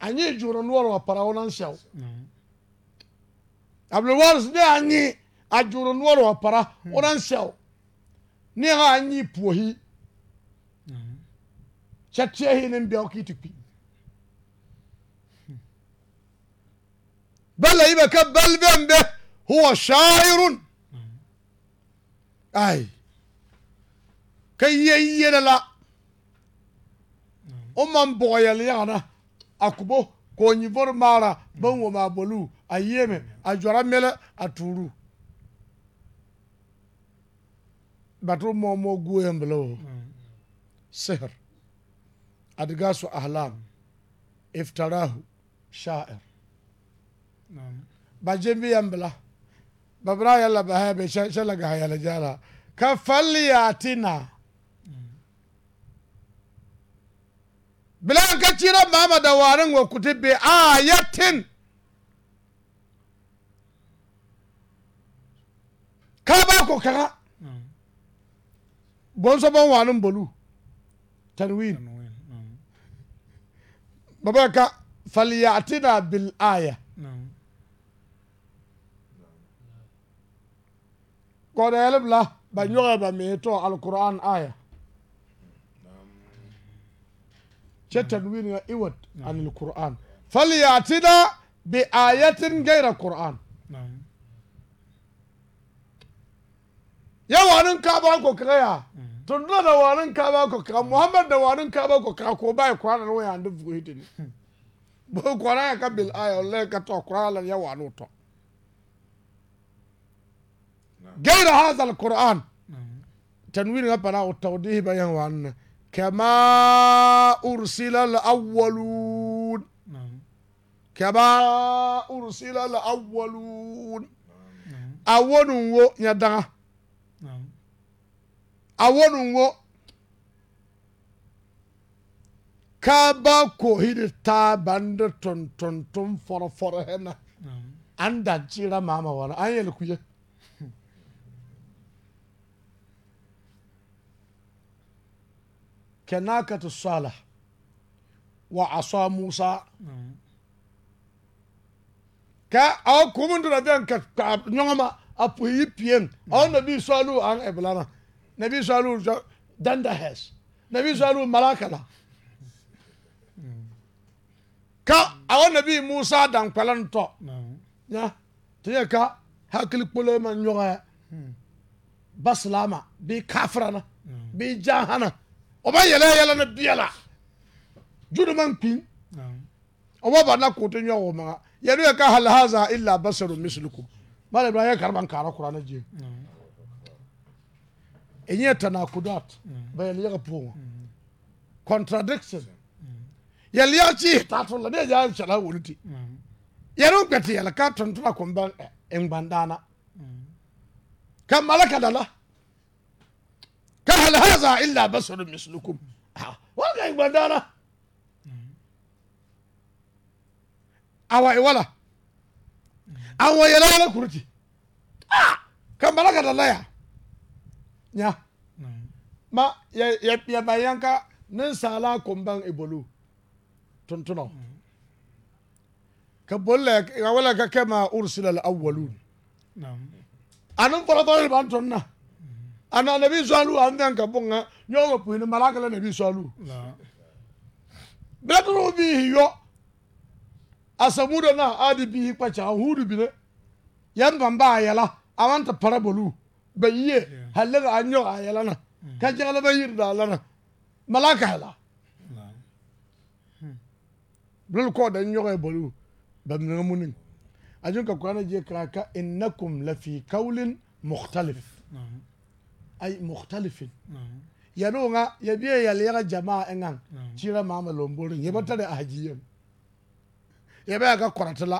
a nyi juuro wa para o naŋ mm. sɛo abdulwaris ne anyi a juuri noɔre wa para o naŋ sɛo neɛ ŋa aŋ nyi puohi kyɛ teɛhi neŋ bɛo kii te kpi yi ba ka bal bɛn bɛ huwa shairun ai ka yie yiele la o ma bɔgɔyɛl yagna a kubo koo nyivor maara ban wo maa boluu a yeeme a jɔra mɛlɛ a tuuruu batru momo guyen blow mm. sihr adgasu ahlam iftarahu sha'ir bajembi yambla babra yalla bahabe shalaga hayala jala kafaliyatina bilan ka mm. cira mama da warin wa kuti bi ayatin ka ba ko kaga bonso bon wanin bolu tanwin mm. baba ka falyatina bil aya mm. koda yelib la ba nyɔge ba mii tɔ alquran aya kyɛ tanwin ŋa iwat mm. anil quran falyatina bi ayatin gaira quran yɛ wɔne nkaaba nkɔkra yɛ a tondona da wɔne nkaaba nkɔkra muhammad da wɔne nkaaba nkɔkra ko ba ɛkora na no yɛ ande fuhi de ne bo kora yɛ ka bil ayɛ ɔlɛ ka tɔ kora la yɛ wɔne tɔ gɛwura haza alquran tanwir na pana o tawdihi bayan wɔne kama ursila alawwalun kama ursila alawwalun awonun wo nyɛ daŋa awonungo kaba kohiri taa bande tontonton fɔrɔfɔrɔ hena an da cira mama wana an yɛlɛ kuye كناكة الصالح وعصا موسى ka aw kumun dura den ka nyɔngɔma a puyi piyen aw nabi sɔlu an ebilana Nabi Salul danda has. Nabi Salul malakala. Ka awon Nabi Musa dan kwalan Ya. Tiye ka hakili kpolo ma nyoga ya. Baslama bi kafra na. Bi jahana. Oba yele yele na biyala. Judu man pin. Oba ba na kote nyoga ma. Yenu ya ka hal haza illa basaru mislukum. Mala Ibrahim karban kara Qur'ana je. ɛnyɛ tanakodat ba yɛleyɛga puo wa contradiction yɛlea kyi hitatola ne ɛgyaa hyɛla wɔno ti yɛne kpɛte yɛle ka tontona komba ngbandaana ka malaka dala ka hal haza illa basaru mislukum wanga ngbandaana awa iwala awa yɛleyɛla kuruti ka malaka dala ya nya ma yɛba yɛnka ne nsaala akomban ebolu tontonɔ ka boli la ka e mm. wala ka kɛ ma ursula la awwalu mm. ani kɔrɔtɔ yɛrɛ b'an tɔn na mm. ana nabi sɔalu an fɛn ka bɔ nka ɲɔgɔn ka puyi ni malaka la nabi sɔalu bilatulu bihi yɔ asamudo na adi bihi kpakya ahudu bine yɛn ban baa yɛla a man ta para bolu. baye hallada anyo ayalana ka jaqlaba yirdaalana malaa ka helaa dhulkoo dhan yoqee balu babnagamunin ajunka kurana je kaaka innakum lafii kawlin mukhtalif ay mukhtalifin yadunga yabiye yalyaga jamaa engan cira maama lomborin yabatare ahajiyan yabeya ka koratila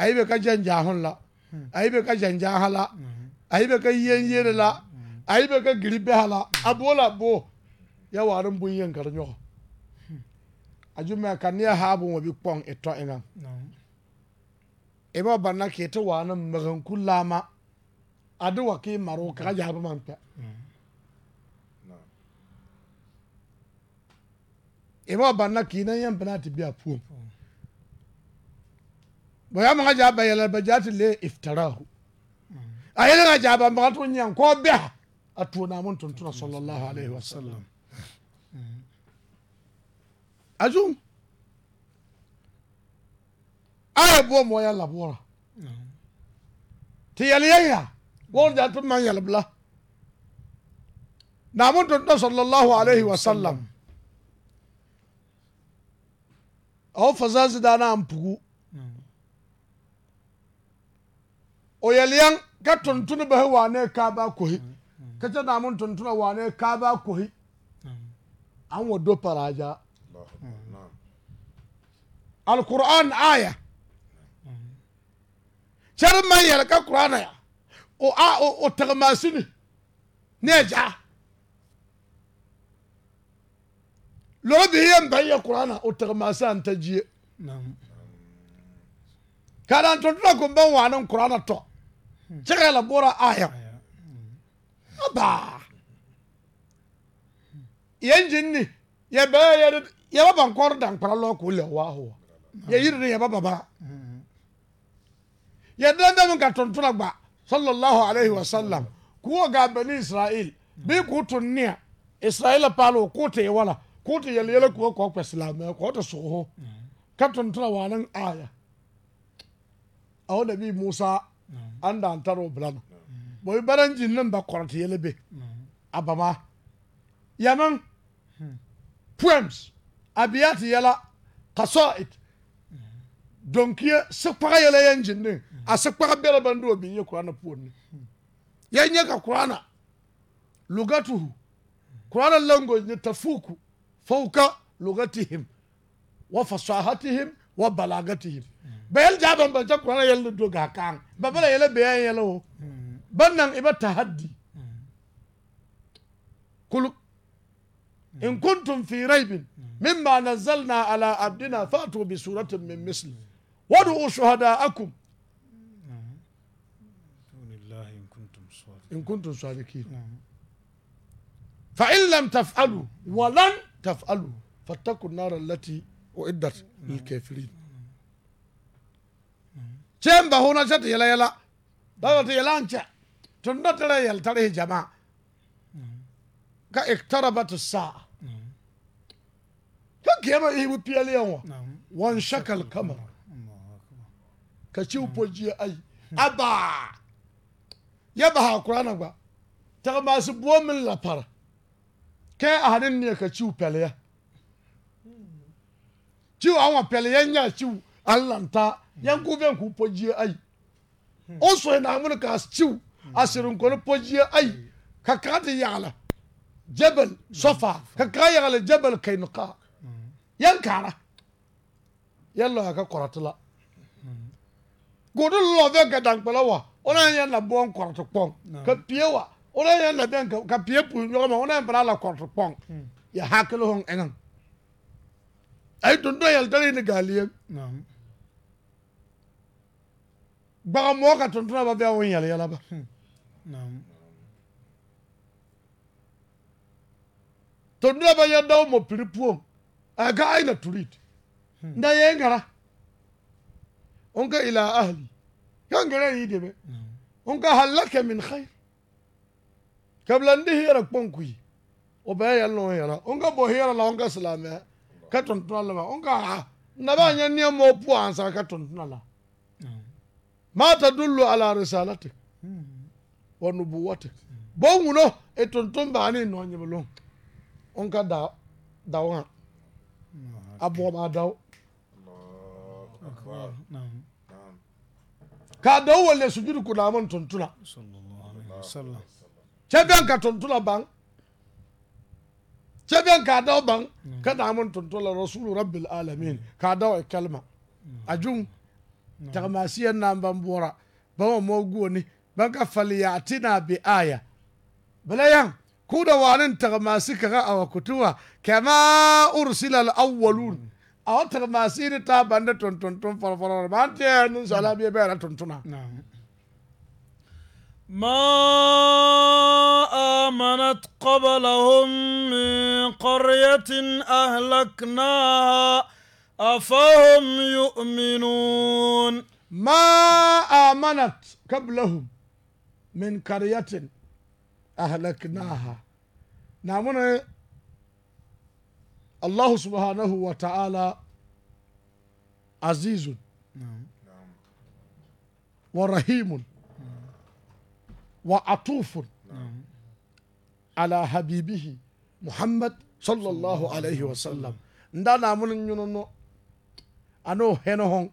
ayibe ka janjaahun la ayibe ka janjaaha la mm. ayibe ka yen yere la ayibe ka giri bɛha la a bo la bo ya waare bon yen kare ɲɔgɔ a ju mɛ ka neɛ haa bon wa bi kpɔŋ e tɔ eŋa e ba banna k'e te waana maganku laama a de wa k'e maro ka kaga yaaba man kpɛ e ba banna k'e na yɛn bana ti bi a puo bɔn ya maga jaa ba yɛlɛ ba jaa ti le iftarahu ayelega jaba magatu nyan ko beha atuna mun tuntuna sallallahu alaihi wasallam ajum aya bo moya labora ti yaliyaya wor da tun man yalbla na mun tuntuna sallallahu alaihi wasallam aw fazazi dana ampugu o yaliyan ka tontone bɛhe waane kaaba kohi ka kyɛ naamu tontona waane kaaba kohi an wa do paraja alquran aya kyɛre man yɛre ka qur'ana ya o a o tege maasini ne ja lɔrɔ bihi yɛn bɛn yɛ qur'ana o tege maasi an ta jie kaadantɔntona kun bɛn waane qur'ana tɔ jagala bora ayam hmm. aba yɛn jinni yɛ bɛɛ yɛ yɛ ba bankɔr dankpara lɔ k'o lɛ waa hɔ yɛ yiri hmm. de yɛ ba baba yɛ dandan min ka tontona gba sallallahu alayhi wa sallam k'o gaa bɛni israel bi k'o tun nia israel paalo k'o te wala k'o te yɛlɛ yɛlɛ k'o kɔ kpɛ silamɛ k'o te sɔgɔ ka tontona waa ne aaya awo de bi musa an dan taro bilan bo baran jin nan ba korti yele be abama yaman hmm. poems abiyati yala qasaid hmm. donc ye sikpaga yele yan jin ne a sikpaga bela bando bi ye qur'ana puonni yan ye ka kurana lugatuhu qur'ana language ne tafuku fauka lugatihim wa fasahatihim wa balagatihim ba yel ja ban ban chakura na yel do ga kan ba bala yele be yan yelo ban nan iba tahaddi kul in kuntum fi raibin mimma nazzalna ala abdina fatu bi suratin min misli wad'u akum in kuntum sadiqin fa in lam taf'alu wa lan taf'alu fattaqu an-nar allati وإدر الكافرين تيمبا بهونا شت يلا يلا دارت يلانشا تندت لا يلا يلتري جماعة كا اقتربت الساعة كيما إيه وان نعم. وانشك القمر كشيو بوجي نعم. أي أبا يبها قرآنك تغمى سبوة من لبرة كي أهدن يكشيو بياليوا ciwo awon pele yan ya ciwo allanta yan ku ben ku pojiye ai o so na mun ka ciwo asirin ko pojiye ai ka ka ta yala jabal safa ka ka yala jabal kainuqa yan kara yalla ka koratla godun lo ve gadan pelawa ona yan na bon korto pon ka piewa ona yan na ben ka pie pu nyoma ona yan bra la korto pon hmm. ya hakelo hon enan ay tonton yaltare ni galiye baga mɔɔ ka tontona ba bɛ a wo yɛlɛ yɛlɛ ba tontona ba yɛ daw mɔ piri puom a ga aina turit nda yɛ ngara onka ila ahli kan gɛrɛ yi de bɛ onka halaka min khair kabla ndi hira kpɔn kuyi o bɛ yɛlɛ o yɛlɛ onka bɔ hira la onka silamɛ ka tontona leba o nka na ba nyɛ neɛ mɔ poɔ ansa ka tontona la ma tadullu ala risalati wa nubuwati bon wuno e tonton baani nɔ nyɛbelon o nka da dawo ŋa a bɔgɔ ma dawo k'a dawo wale sujudi kudaama tontona cɛ bɛn ka tontona ban kebiyan ka daw ban kada mun tuntola rasulu rabbil alamin ka daw kalma ajun tagamasiyan nan ban bora bawa mo goni ban ka falyatina bi aya balayan ku da wanin tagamasi kaga awa kutuwa kama ursila al awwalun awa tagamasi ta banda tonton ton farfaror ban te nun salabi be ra tontuna ما آمنت قبلهم من قرية أهلكناها أفهم يؤمنون ما آمنت قبلهم من قرية أهلكناها نعمنا الله سبحانه وتعالى عزيز نعم. ورحيم wa atufun ala habibihi muhammad sallallahu alaihi wasallam nda namunin yunono ano heno hon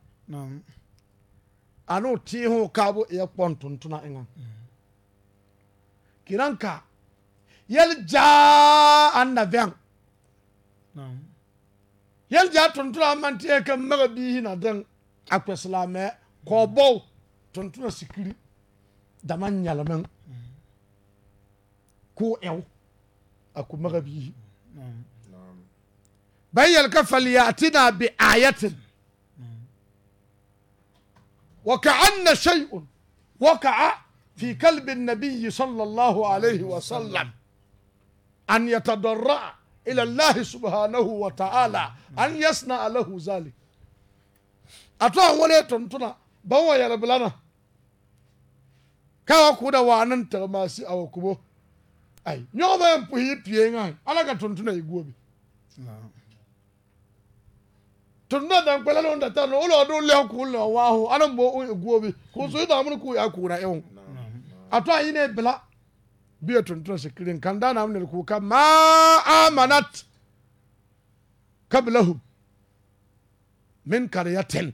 ano tiho kabo ya kpon tuntuna inga kiranka yel ja anna vyan yel ja tuntuna mantie kan maga bihi na dan akwesla me ko bow tuntuna sikiri dama nyɛli miŋ ka e o ɛu a ku maga biihi ban yɛli ka falyatina bi ayatin وكأن شيء وقع في كلب النبي صلى الله عليه وسلم أن يتضرع إلى الله سبحانه وتعالى أن يصنع له ذلك أتوى وليتم تنا بوا يا ربلنا kawa kuda wanan ta masi awa kubo ai nyoba mpu hi pie ngai ala ka tuntuna iguo bi tuntuna da kwala lo ndata no lo do le ku lo wa ho ana mbo iguo bi ku so da mun ku ya ku na yon ato ayi ne bla bi tuntuna sikirin kan da na mun ku ka ma amanat kabilahu min qaryatin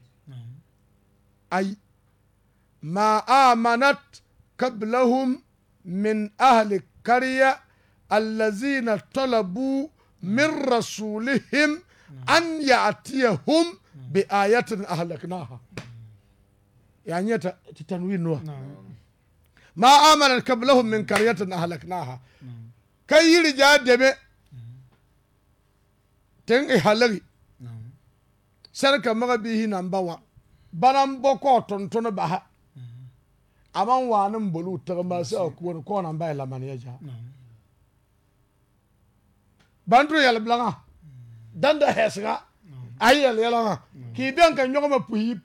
ai ma amanat قبلهم من أهل القرية الذين طلبوا من رسولهم أن يأتيهم بآية أهلكناها يعني تتنوين نعم. ما آمن قبلهم من قرية أهلكناها نعم. كي يرجع دم تنقي حلقي سرك مغبيه نمبوا بنام بوكو تنتون بها aman waani n boli se okuwa siɣa kuoni ka o naŋ bahi lamaniya ja bandu yɛli bilaŋa danda hɛsiga a yi yɛli k'i ka den ka nyɔgma puhi yi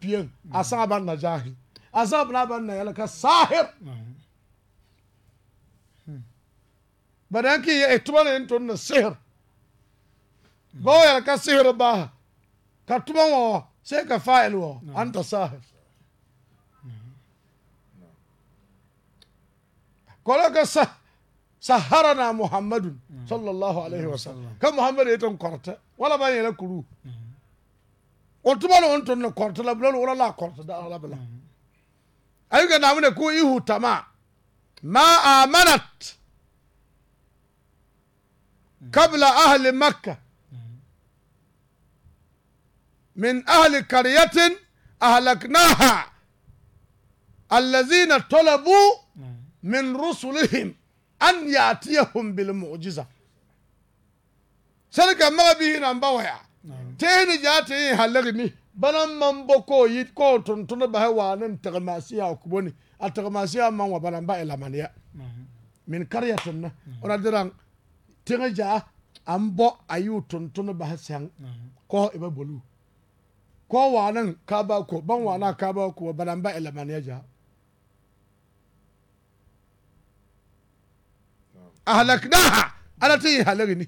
Asa a saŋa ban na jaahi a zaŋa bi naa ban na yɛli ka saahir ba dan ka yɛ tuba tun sihir ba o ka sihir ka ka anta kolaga sa saharana muhammadun sallallahu alaihi wasallam ka muhammad yeton korta wala ba yela kuru on tuma lo on ton korta la bulal wala la korta da ala bala ayu ga namune ko ihu tama ma amanat قبل أهل مكة من أهل قرية أهلكناها الذين طلبوا min rusulihim an yatiyahum bil mu'jiza sarka maga bihi nan bawaya tehni jate yin halagmi banan man bo ko yi ko tuntun ba wa nan tagmasiya a tagmasiya man wa banan ba ilamaniya min karyatin na ona diran tenga ja an bo ayu tuntun ba san ko ibe bolu ko wa nan ka ba ko ban wa ka ba ko ba ja ahlaknaha alati e halari ni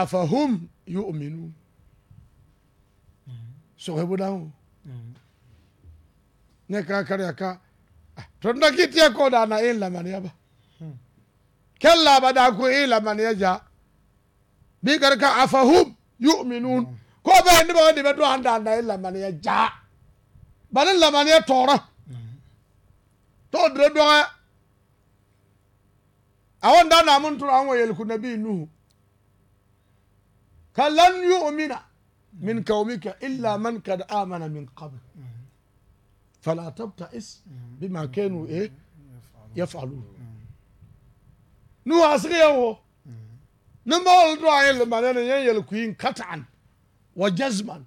afahum yu'minun sɔgɔ ibo dahun ne kan kari a kan tɔntɔ k'i tiɲɛ kɔ da na e lamaniya ba kɛ laban da ko e lamaniya ja bi kari ka afahum yu'minun ko bɛɛ ne bɛ de bɛ don an da e lamaniya ja bari lamaniya tɔɔrɔ t'o dire dɔgɔya awon da na mun tura awon yelku nabi nuhu kalan yu'mina min qaumika illa man kad amana min qabl fala tabta'is bima kanu eh yaf'alun nuhu asriya wo nimba wal do ayel manene yen yelku in kat'an wa jazman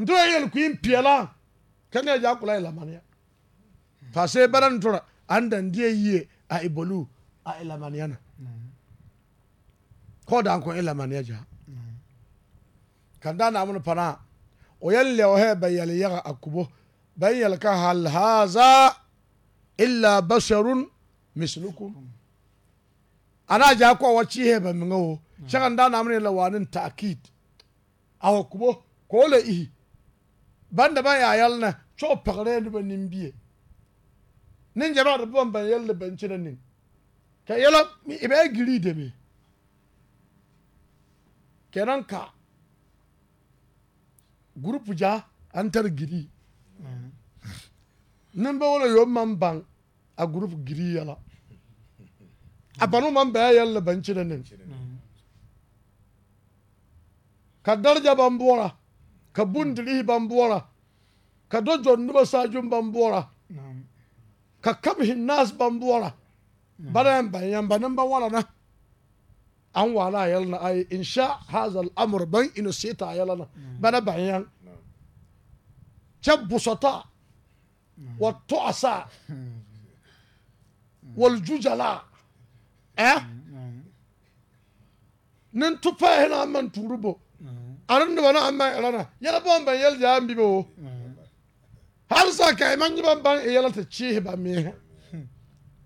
ndo yelku in piela kana ja kula lamaniya fa sai baran tura an dan die yie a ibolu a ilamaniya na ko da ko ilamaniya ja kan da na mun pana o yalle o he bayal yaga akubo bayal ka hal haza illa basharun mislukum ana ja ko wachi he ba minga o shakan da na mun la wanin ta'kid a kubo ko le ihi banda ba ya yalna cho pagare ni ba nimbie ninjɛba di bɔm ban yɛlli binchina nin ka yɛla i bɛ giri mi kenan ka gurupu ja an tari giri mm-hmm. nimbawolo yo man ban a gurupu giri yɛla a banu man bɛ yɛlli binchina nin ka darja ban bɔra ka bundirihi ban bɔra ka do jɔn noba saajun ban bɔra ka kabhi nas ban buwara bara ban yamba nan ban wala na an wala yal na ay insha hadha al amr ban inu sita yal na bana ban yan chabbu sata wa tu'asa wal jujala eh nin tupa hena man turubo aran da bana amma yal na yal ban ban yal jambi bo har sa ka e man ban ban e yala ta ci ba me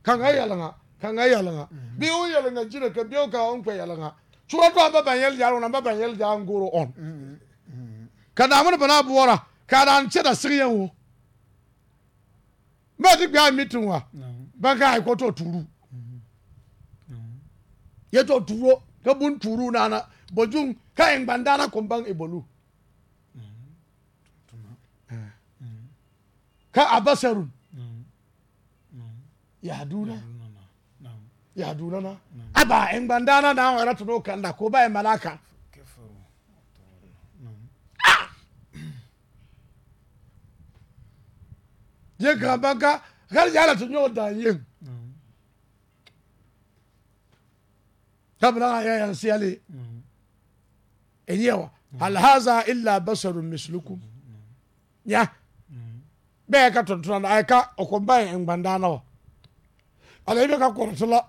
kan ga yalanga kan ga yalanga bi o yalanga jira ka bi o ka on kwa yalanga chuwa to ba ban yel jaro na ba ban yel jaro ngoro on ka da mun bana buwara ka da an ce da siryan wo ba ti gba mitin wa ba ka ai e ko to turu ye to turo ka bun turu na na bojun ka en bandana ban ibolu e ka abasarun mm. mm. yaduna yaduna na aba ngbandana na wara tuno kanda ko ba e malaka ah! ye gabaka kar yala tunyo da yin kabla ya yan siyale enyewa hal hadha illa basarun mislukum ya yeah. bɛɛ ka tontona na a ka o ko ba ye ŋgbandaana wa ala i bɛ ka kɔrɔtɔ la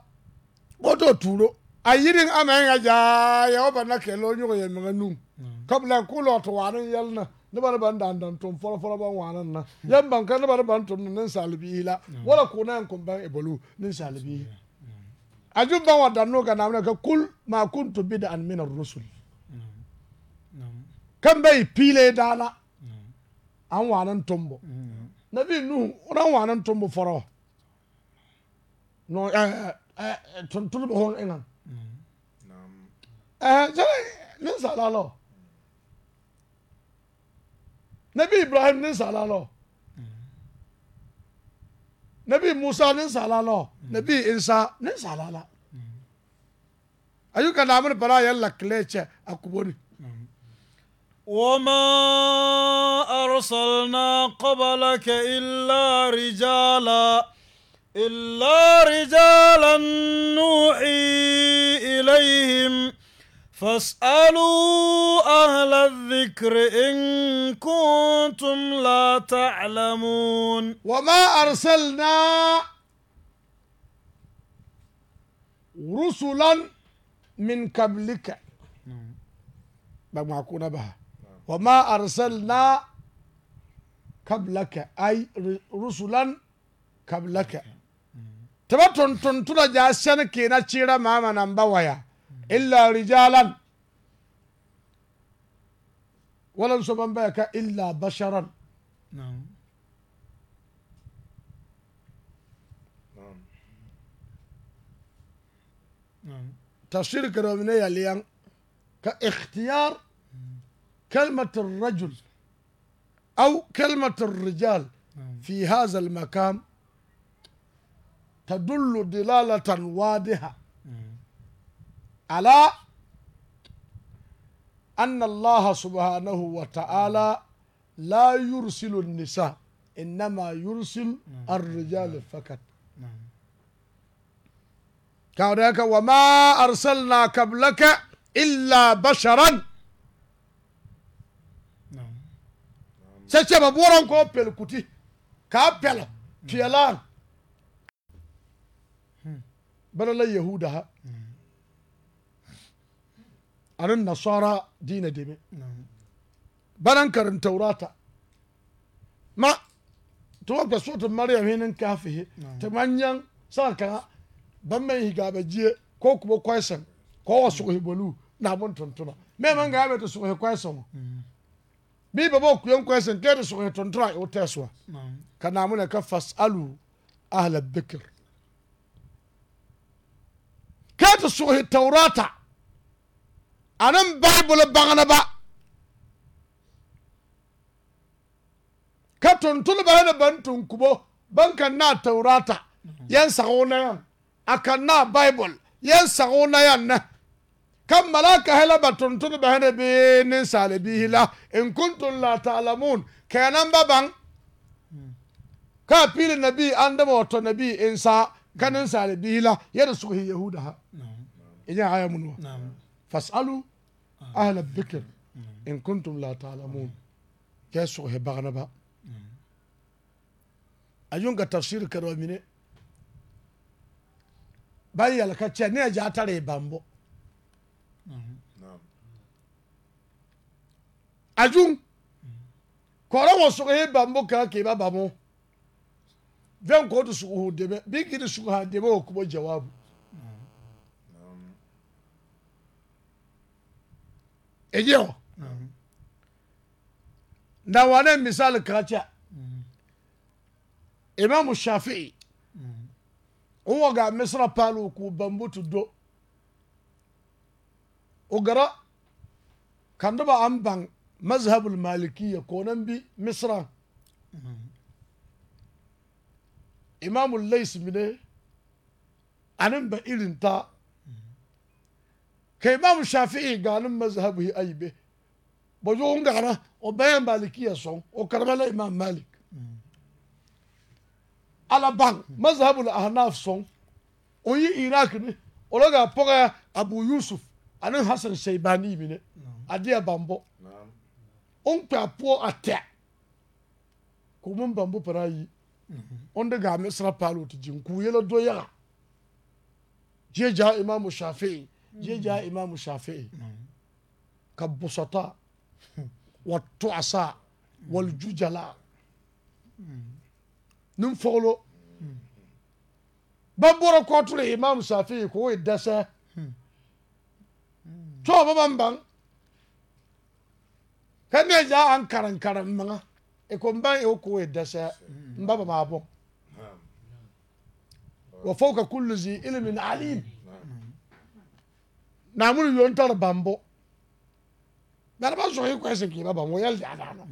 o t'o tuuro a yiri ama ye ŋa jaa ya o banna kɛlɛ o ɲɔgɔn ye mɛŋa nu mm. kabila ko lɔ to waana yɛlɛ na ne ba ne ba dan dan tun fɔlɔ fɔlɔ ba waana na yan ban ka ne ba ne ba tun ne salibi la mm. wala ko e ne yan kun ban ebolu ne salibi mm. a ju ban wa dan n'o ka naamuna ka kul ma kun tun bi da ani mina rusul kan bɛ yi piile la an waana tun bɔ. na bi nu ɔna waana ntombo fɔrɔ no ɛɛ ɛɛ tontoni bɛ hɔn eŋa ɛɛ sɛbɛn ninsala lɔ na bi ibrahim ninsala lɔ na bi musa ninsala lɔ na isa ninsala la ayi ka na amini para yɛ lakile cɛ a kuboni. وما أرسلنا قبلك إلا رجالا إلا رجالا نوحي إليهم فاسألوا أهل الذكر إن كنتم لا تعلمون وما أرسلنا رسلا من قبلك نعم. بقى معكونا بها وما أرسلنا قبلك أي رسلا قبلك تبا تون تنا جاسيان كينا چيرا ماما ويا إلا رجالا ولن سبن بك إلا بشرا تشير نعم. نعم. تفسير ليان كاختيار كلمة الرجل أو كلمة الرجال نعم. في هذا المكان تدل دلالة واضحة نعم. على أن الله سبحانه وتعالى لا يرسل النساء إنما يرسل نعم. الرجال فقط كونك وما أرسلنا قبلك إلا بشرا kyɛkyɛ ba boɔrɔn k'o pɛli kuti k'a pɛlɛ peɛlaan bɛrɛ la yahuda ha hmm. ani nasara diina deme bana karin taurata ma tuwa ka so ta maryam hinin kafihi ta manyan sa ka ban mai higaba jiye ko kuma kwaisan ko wasu bolu na mun tuntuna me man ga bɛ ta su kwaisan bi ba ba ku yan kwasin kai da su eh, oh, ka tontara ya wuta suwa kana muna ka fasalu ahla dhikr kai da su eh, taurata anan bible bangana ba ka tuntun ba yana ban tunkubo ban kan na taurata yan sago na yan akan na bible yan sago na yan na kan malaka hela ba tuntun ba hene bi ninsale bihi la in kuntum la ta'lamun kenan ba ban ka pili nabi an dama wato nabi insa ka ninsale bihi la yadda suka yi yahuda ha in yi aya munuwa fasalu ahla dhikr in kuntum la ta'lamun ke suka yi bagana ba ayun ga tafsir karo mine ban yalka ce ne ya ja tare bambo ajum kɔrɔ wɔ sugu ye eh, bambo kan k'i ba bambo fɛn k'o tu sugu hu dɛmɛ bi k'i tu sugu ha dɛmɛ o kubo jawabu mm. eje o mm. na wane misali kacha mm. imamu shafi'i huwa ga misra palu ku bambo tu do o gara kanduba an bang mazhab al-malikiyya koonan bi misra imaamu lays mine anin ba irinta ka imaamu shaafici gaanin mazhabihi aybe bajuun gacna oo bayan malikiya son oo karmala imaam malik alaban mazhab lahnaaf son oyi irakne olagaa pogaya abu yusuf anin hasan shaybani mine adiya bambo no onkpapoɔ atɛ ko mun bambu para yi mhm. on de gaa misra paalo ti jin k'u yɛlɛ do yaga jeja jaa imaamu shafi'i jie jaa mhm. imaamu shafi'i mhm. ka busata wa tuasa wal jujala ninfɔglo ba bɔra kɔɔtuli imaamu shafi'i k'o ye dɛsɛ tɔɔ ba ban ban kane zaa an karim karim maŋa e ko n ba e ko e dɛsɛ n ba ba maa bɔ wa fawka kulli zi ilmin alim naamuni yon tari bambo bari ba sɔŋ yi kɔɛsi k'i ba ban o yɛli daa daana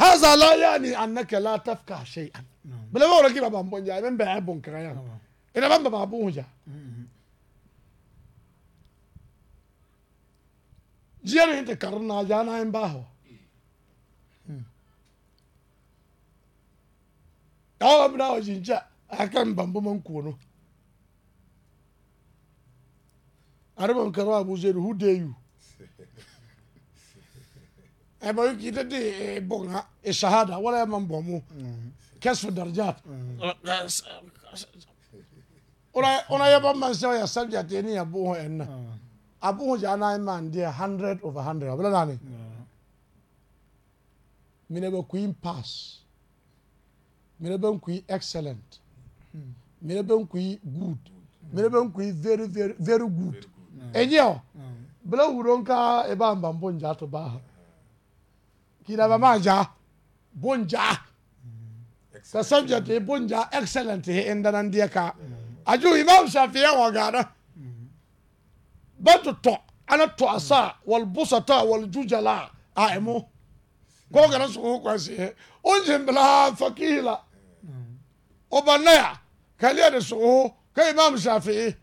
haza la yaani annaka la tafka shay'an bila ba wala k'i ban bɔ n jaa min bɛɛ ina ban ba maa bɔn Ger inte Karunajana embajo. Awa hmm. mina ojinja akan bambu man kuno. Arabam karwa Abu Zaid who dare you? Ai ba yuki ta de eh, bonga e eh, shahada wala man bomu. Kasu Ona ona yaba man ya sabja teni ya bo enna. abu ŋun zaa naa man deɛ hundred over hundred abula naa ni mine bɛ kui pass mine bɛ kui excellent mine bɛ kui good mine bɛ kui very very very good enyi o bila wuro nka mm-hmm. e b'a ban bonjaa to baa kidaba maa jaa Bonja. ka subject bonjaa excellent he indana ndeɛ ka aju imam shafiya wa gaana bɛtotɔ ana tɔ asa a wɔlbosata a wɔljujala a ɛmo kɔɔ kana sogo kwaseɛ onzin bilaa fakihila obanaya kaliya de sogo ka imam shafi'i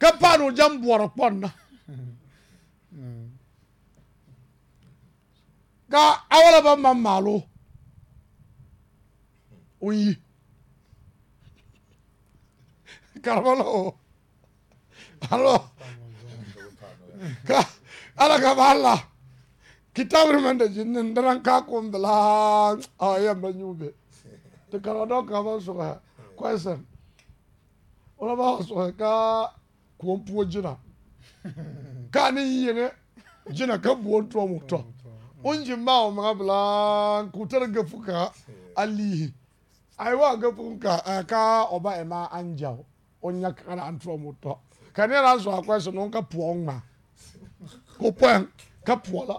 ka paanu jam bɔrɔ kpɔnna ka awala ba ma maalo o yi karama la o. Allah ala ka balla kitabul man da jinnin daran ka kun bla ayan ban yube to kala do ka ban su ka question ola ba su ka kun puo jina ka ni yi ne, jina ka buon to mu to unjin ma o ma bla kutar gafuka alihi aiwa gafunka ka oba ema anjao onya kana antro mu to kane na nso akɔ so no nka poɔ ŋma ko poɛ ka poɔ la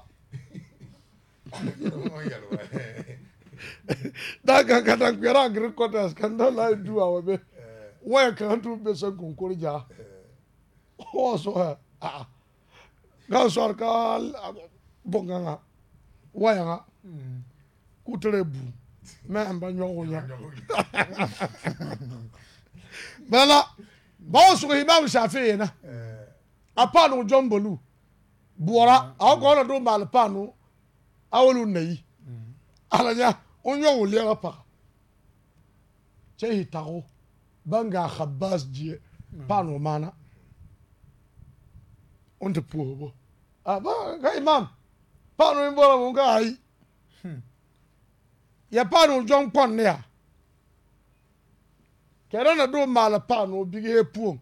da kan ka tan kpɛra agiri kɔtɛs kan da la du awɔ bɛ wɔyɛ kan tu bɛ sɛ kunkori ja wɔɔ sɔ ka bɔn kan ka wɔyɛ ka k'u bu mɛ an ba ya bɛɛ Eh. bọ́ọ̀sù mm. mm. mm. imam shafi'i na apaanu john bolu buwara awo kɔn na do maali paanu awolu nayi alanya n yɔ wuli yɛrɛ pa cɛ yi banga habas jie paanu maana n ti puo bo a ba ka imam paanu in bɔra mun ka ayi yɛ paanu john kpɔn ne ya. kɛra na do maale paa na o bigee puoŋ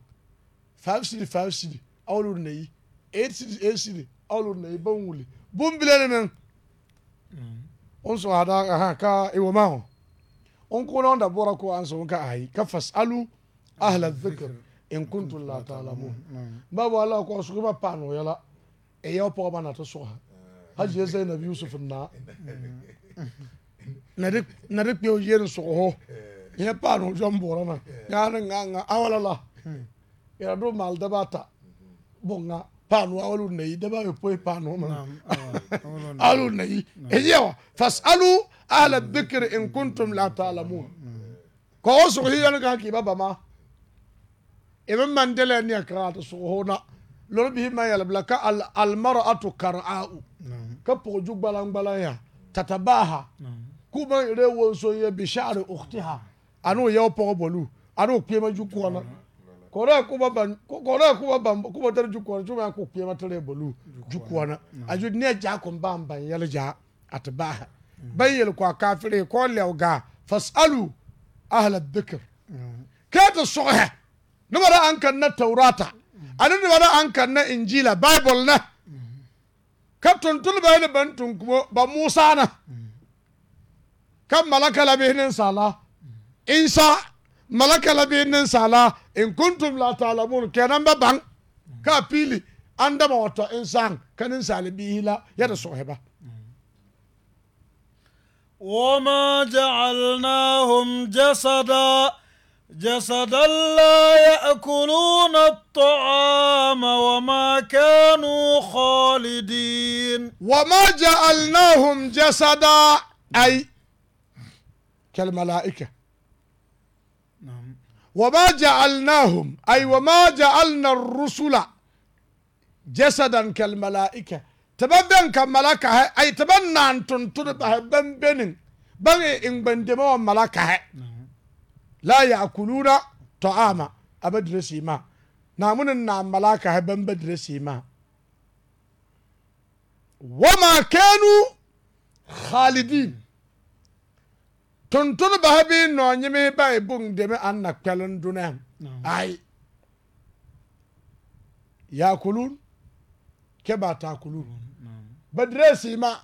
five city five city aw lori na yi eight city eight city aw na yi baŋ wuli bombile ni meŋ mm. on sɔn a daa ka iwɔ maa hɔ on ko na on da bɔra ko an ka ayi ka fas alu ahla zikir mm. in kuntu la taalamu mm. ba bɔ ala ko sugu ba paa na o yɛla e yɛ o pɔgɔ ba na to sɔgɔ hajj yɛ sɛ nabi yusuf na na de kpɛ o yɛ ni yepano jomborana yananga nga awalala ira do mal dabata bonga pano awalu nei daba yo poi pano ma alu nei ejewa fasalu ahla dhikr in kuntum la ta'lamun ko osu hiyan ka ki baba ma ibn mandela ni akrata suhona lor bi ma yala blaka al al mar'atu kar'a'u ka po jugbalan gbalan ya tatabaha kuma ire won so ye bi sha'ri ukhtiha anu yɛ o pɔgɔ bolu anu kpɛma ju kɔnɔ kɔrɔ kuba ban kɔrɔ kuba ban kuba tɛri ju kɔnɔ tuma ko kpɛma tɛri bolu ju kɔnɔ a ju ne ja kun ban ban yɛlɛ ja a ti ba ha ban yɛlɛ kɔ a kafiri kɔ lɛw ga fasalu ahla dhikr kɛɛti sɔgɔhɛ noba da an kan na taurata ani noba da an kan na injila baibul na ka tontolba ni ban tunkubo ba musa na ka malaka la bihi nensaala insa malaka la bi nin sala in kuntum la ta'lamun kenan ba ban ka pili an dama wato insan kanin salibihi la yada soheba وما جعلناهم جسدا جسدا لا ياكلون الطعام وما كانوا خالدين وما جعلناهم جسدا اي كالملائكه وما جعلناهم أي وما جعلنا الرسل جسدا كالملائكة تبدن كملكة أي تبنى أن تنطرطها بن بن بن إن بن دمو ملكة لا يأكلون طعاما أبد رسيما نامون النعم ملكة بن بدر رسيما وما كانوا خالدين tontonneba bi nɔɔnyeme ba e boŋ deme aŋ na kpɛleŋ dunɛm ai yaakulun kyɛ ba taakulun ba diree siimaa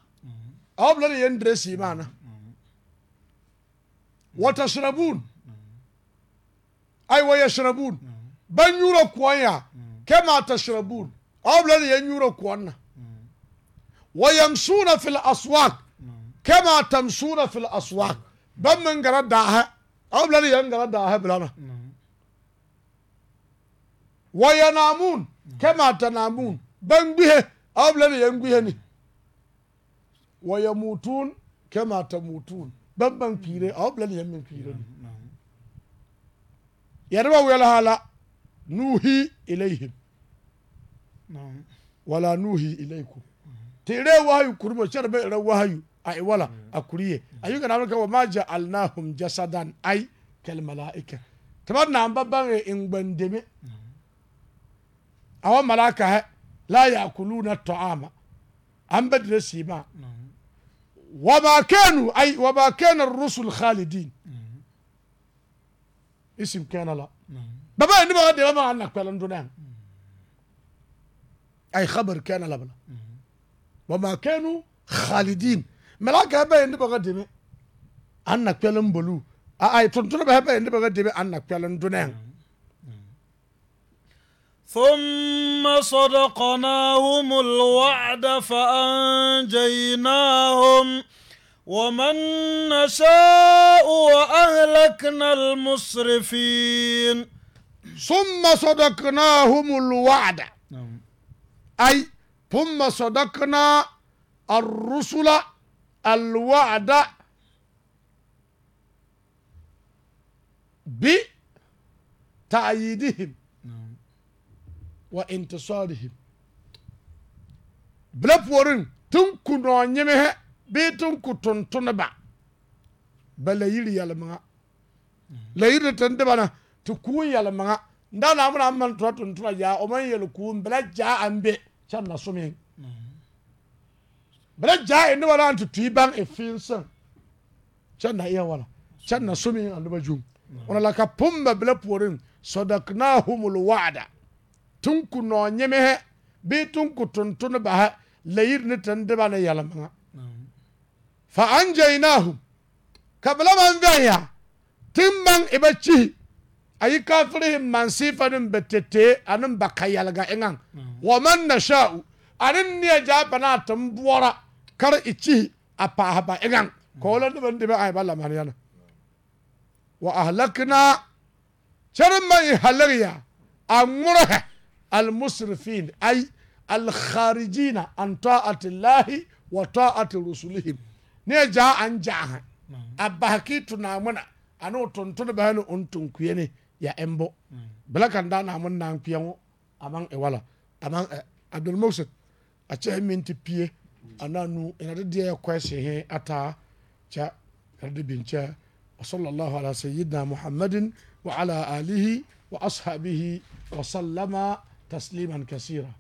a wa bula ne yeŋ dire siimaa na wata surabuun ai wa yɛ surabuun ba nyuuro koɔŋ yaa kyɛ maata surabuun a wa bula ne yeŋ nyuuro koɔŋ na wa yamsuuna fi l aswak kama tamsuuna fi l aswak ban meŋ gara daahe a wo bila ne yɛŋ gara daahe bila na wa yɛ naamuun kɛ maa ta ban gbihe a wo bila ne yɛŋ gbihe ni wa yɛ muutuun kɛ maa ta muutuun ban ban kpiire a wo bila ne yɛŋ meŋ kpiire ni yɛreba wɛlhaa la nuuhi ilayhim wala nuuhi ilaykum teere wahayu kurmo kyɛre bɛ erɛ wahayu a iwala a kuriye ayuga na ka wama ja'alnahum jasadan ay kal malaika tabar na ba bange in gbandeme awa malaka la yakuluna ta'ama an badre sima وما كانوا أي وما كان الرسل خالدين اسم كان لا بابا نبغى غادي ما عندنا كلام دونان أي خبر كان لا بلا وما كانوا خالدين malaka bɛyɛ noba ka deme an na kpɛlɛn bolu ai tontoneba bɛyɛ noba ka deme an na kpɛlɛn dunɛn ثم صدقناهم الوعد فأنجيناهم ومن نشاء وأهلكنا المسرفين ثم صدقناهم الوعد أي ثم صدقنا الرسل al-wa'da bi ta'yidihim wa intisarihim bila puorin tun ku nɔɔnyemehe bee tun ku tontoneba ba la yiri yɛlemaŋa la yiri tun deba na ti kuun yɛlemaŋa nda naa mo naŋ maŋ tun tontona ya o maŋ yɛle kuun bila ja aŋ be na so bɛrɛ gyaa e noba la te tui baŋ e fiin seŋ kyɛ na eɛ wala kyɛ na so meŋ a noba gyuŋ ona la ka pum ba bela puoriŋ sadaknahumul waada tun ku nɔɔnyemehɛ bii tun ku tontone baha layiri ne tɛn de ba ne yɛlemaŋa fa anjainahum ka bela maŋ vɛŋ yaa tin maŋ e ba kyihi a yi kafirihim mansifa ne ba tetee ane ba kayɛlega eŋaŋ wa man nasha'u ane neɛ gyaa pa naa tin boɔra kar ichi apa haba egan ko lan de ban de ay balla ah, mariana wa ahlakna charmai halariya amurha al musrifin ay al kharijina an ta'ati allah wa ta'ati rusulih ne ja an jaha abahaki muna anu tuntun bahanu untun kuyene ya embo blakan da namun nan piyanwo aman wala aman eh, abdul musa a ce ti piye ananu ina de deɛ kwɛsi he ata kyɛ ina de bi nkyɛ وصلى الله على سيدنا محمد وعلى آله وأصحابه وسلم تسليما كثيرا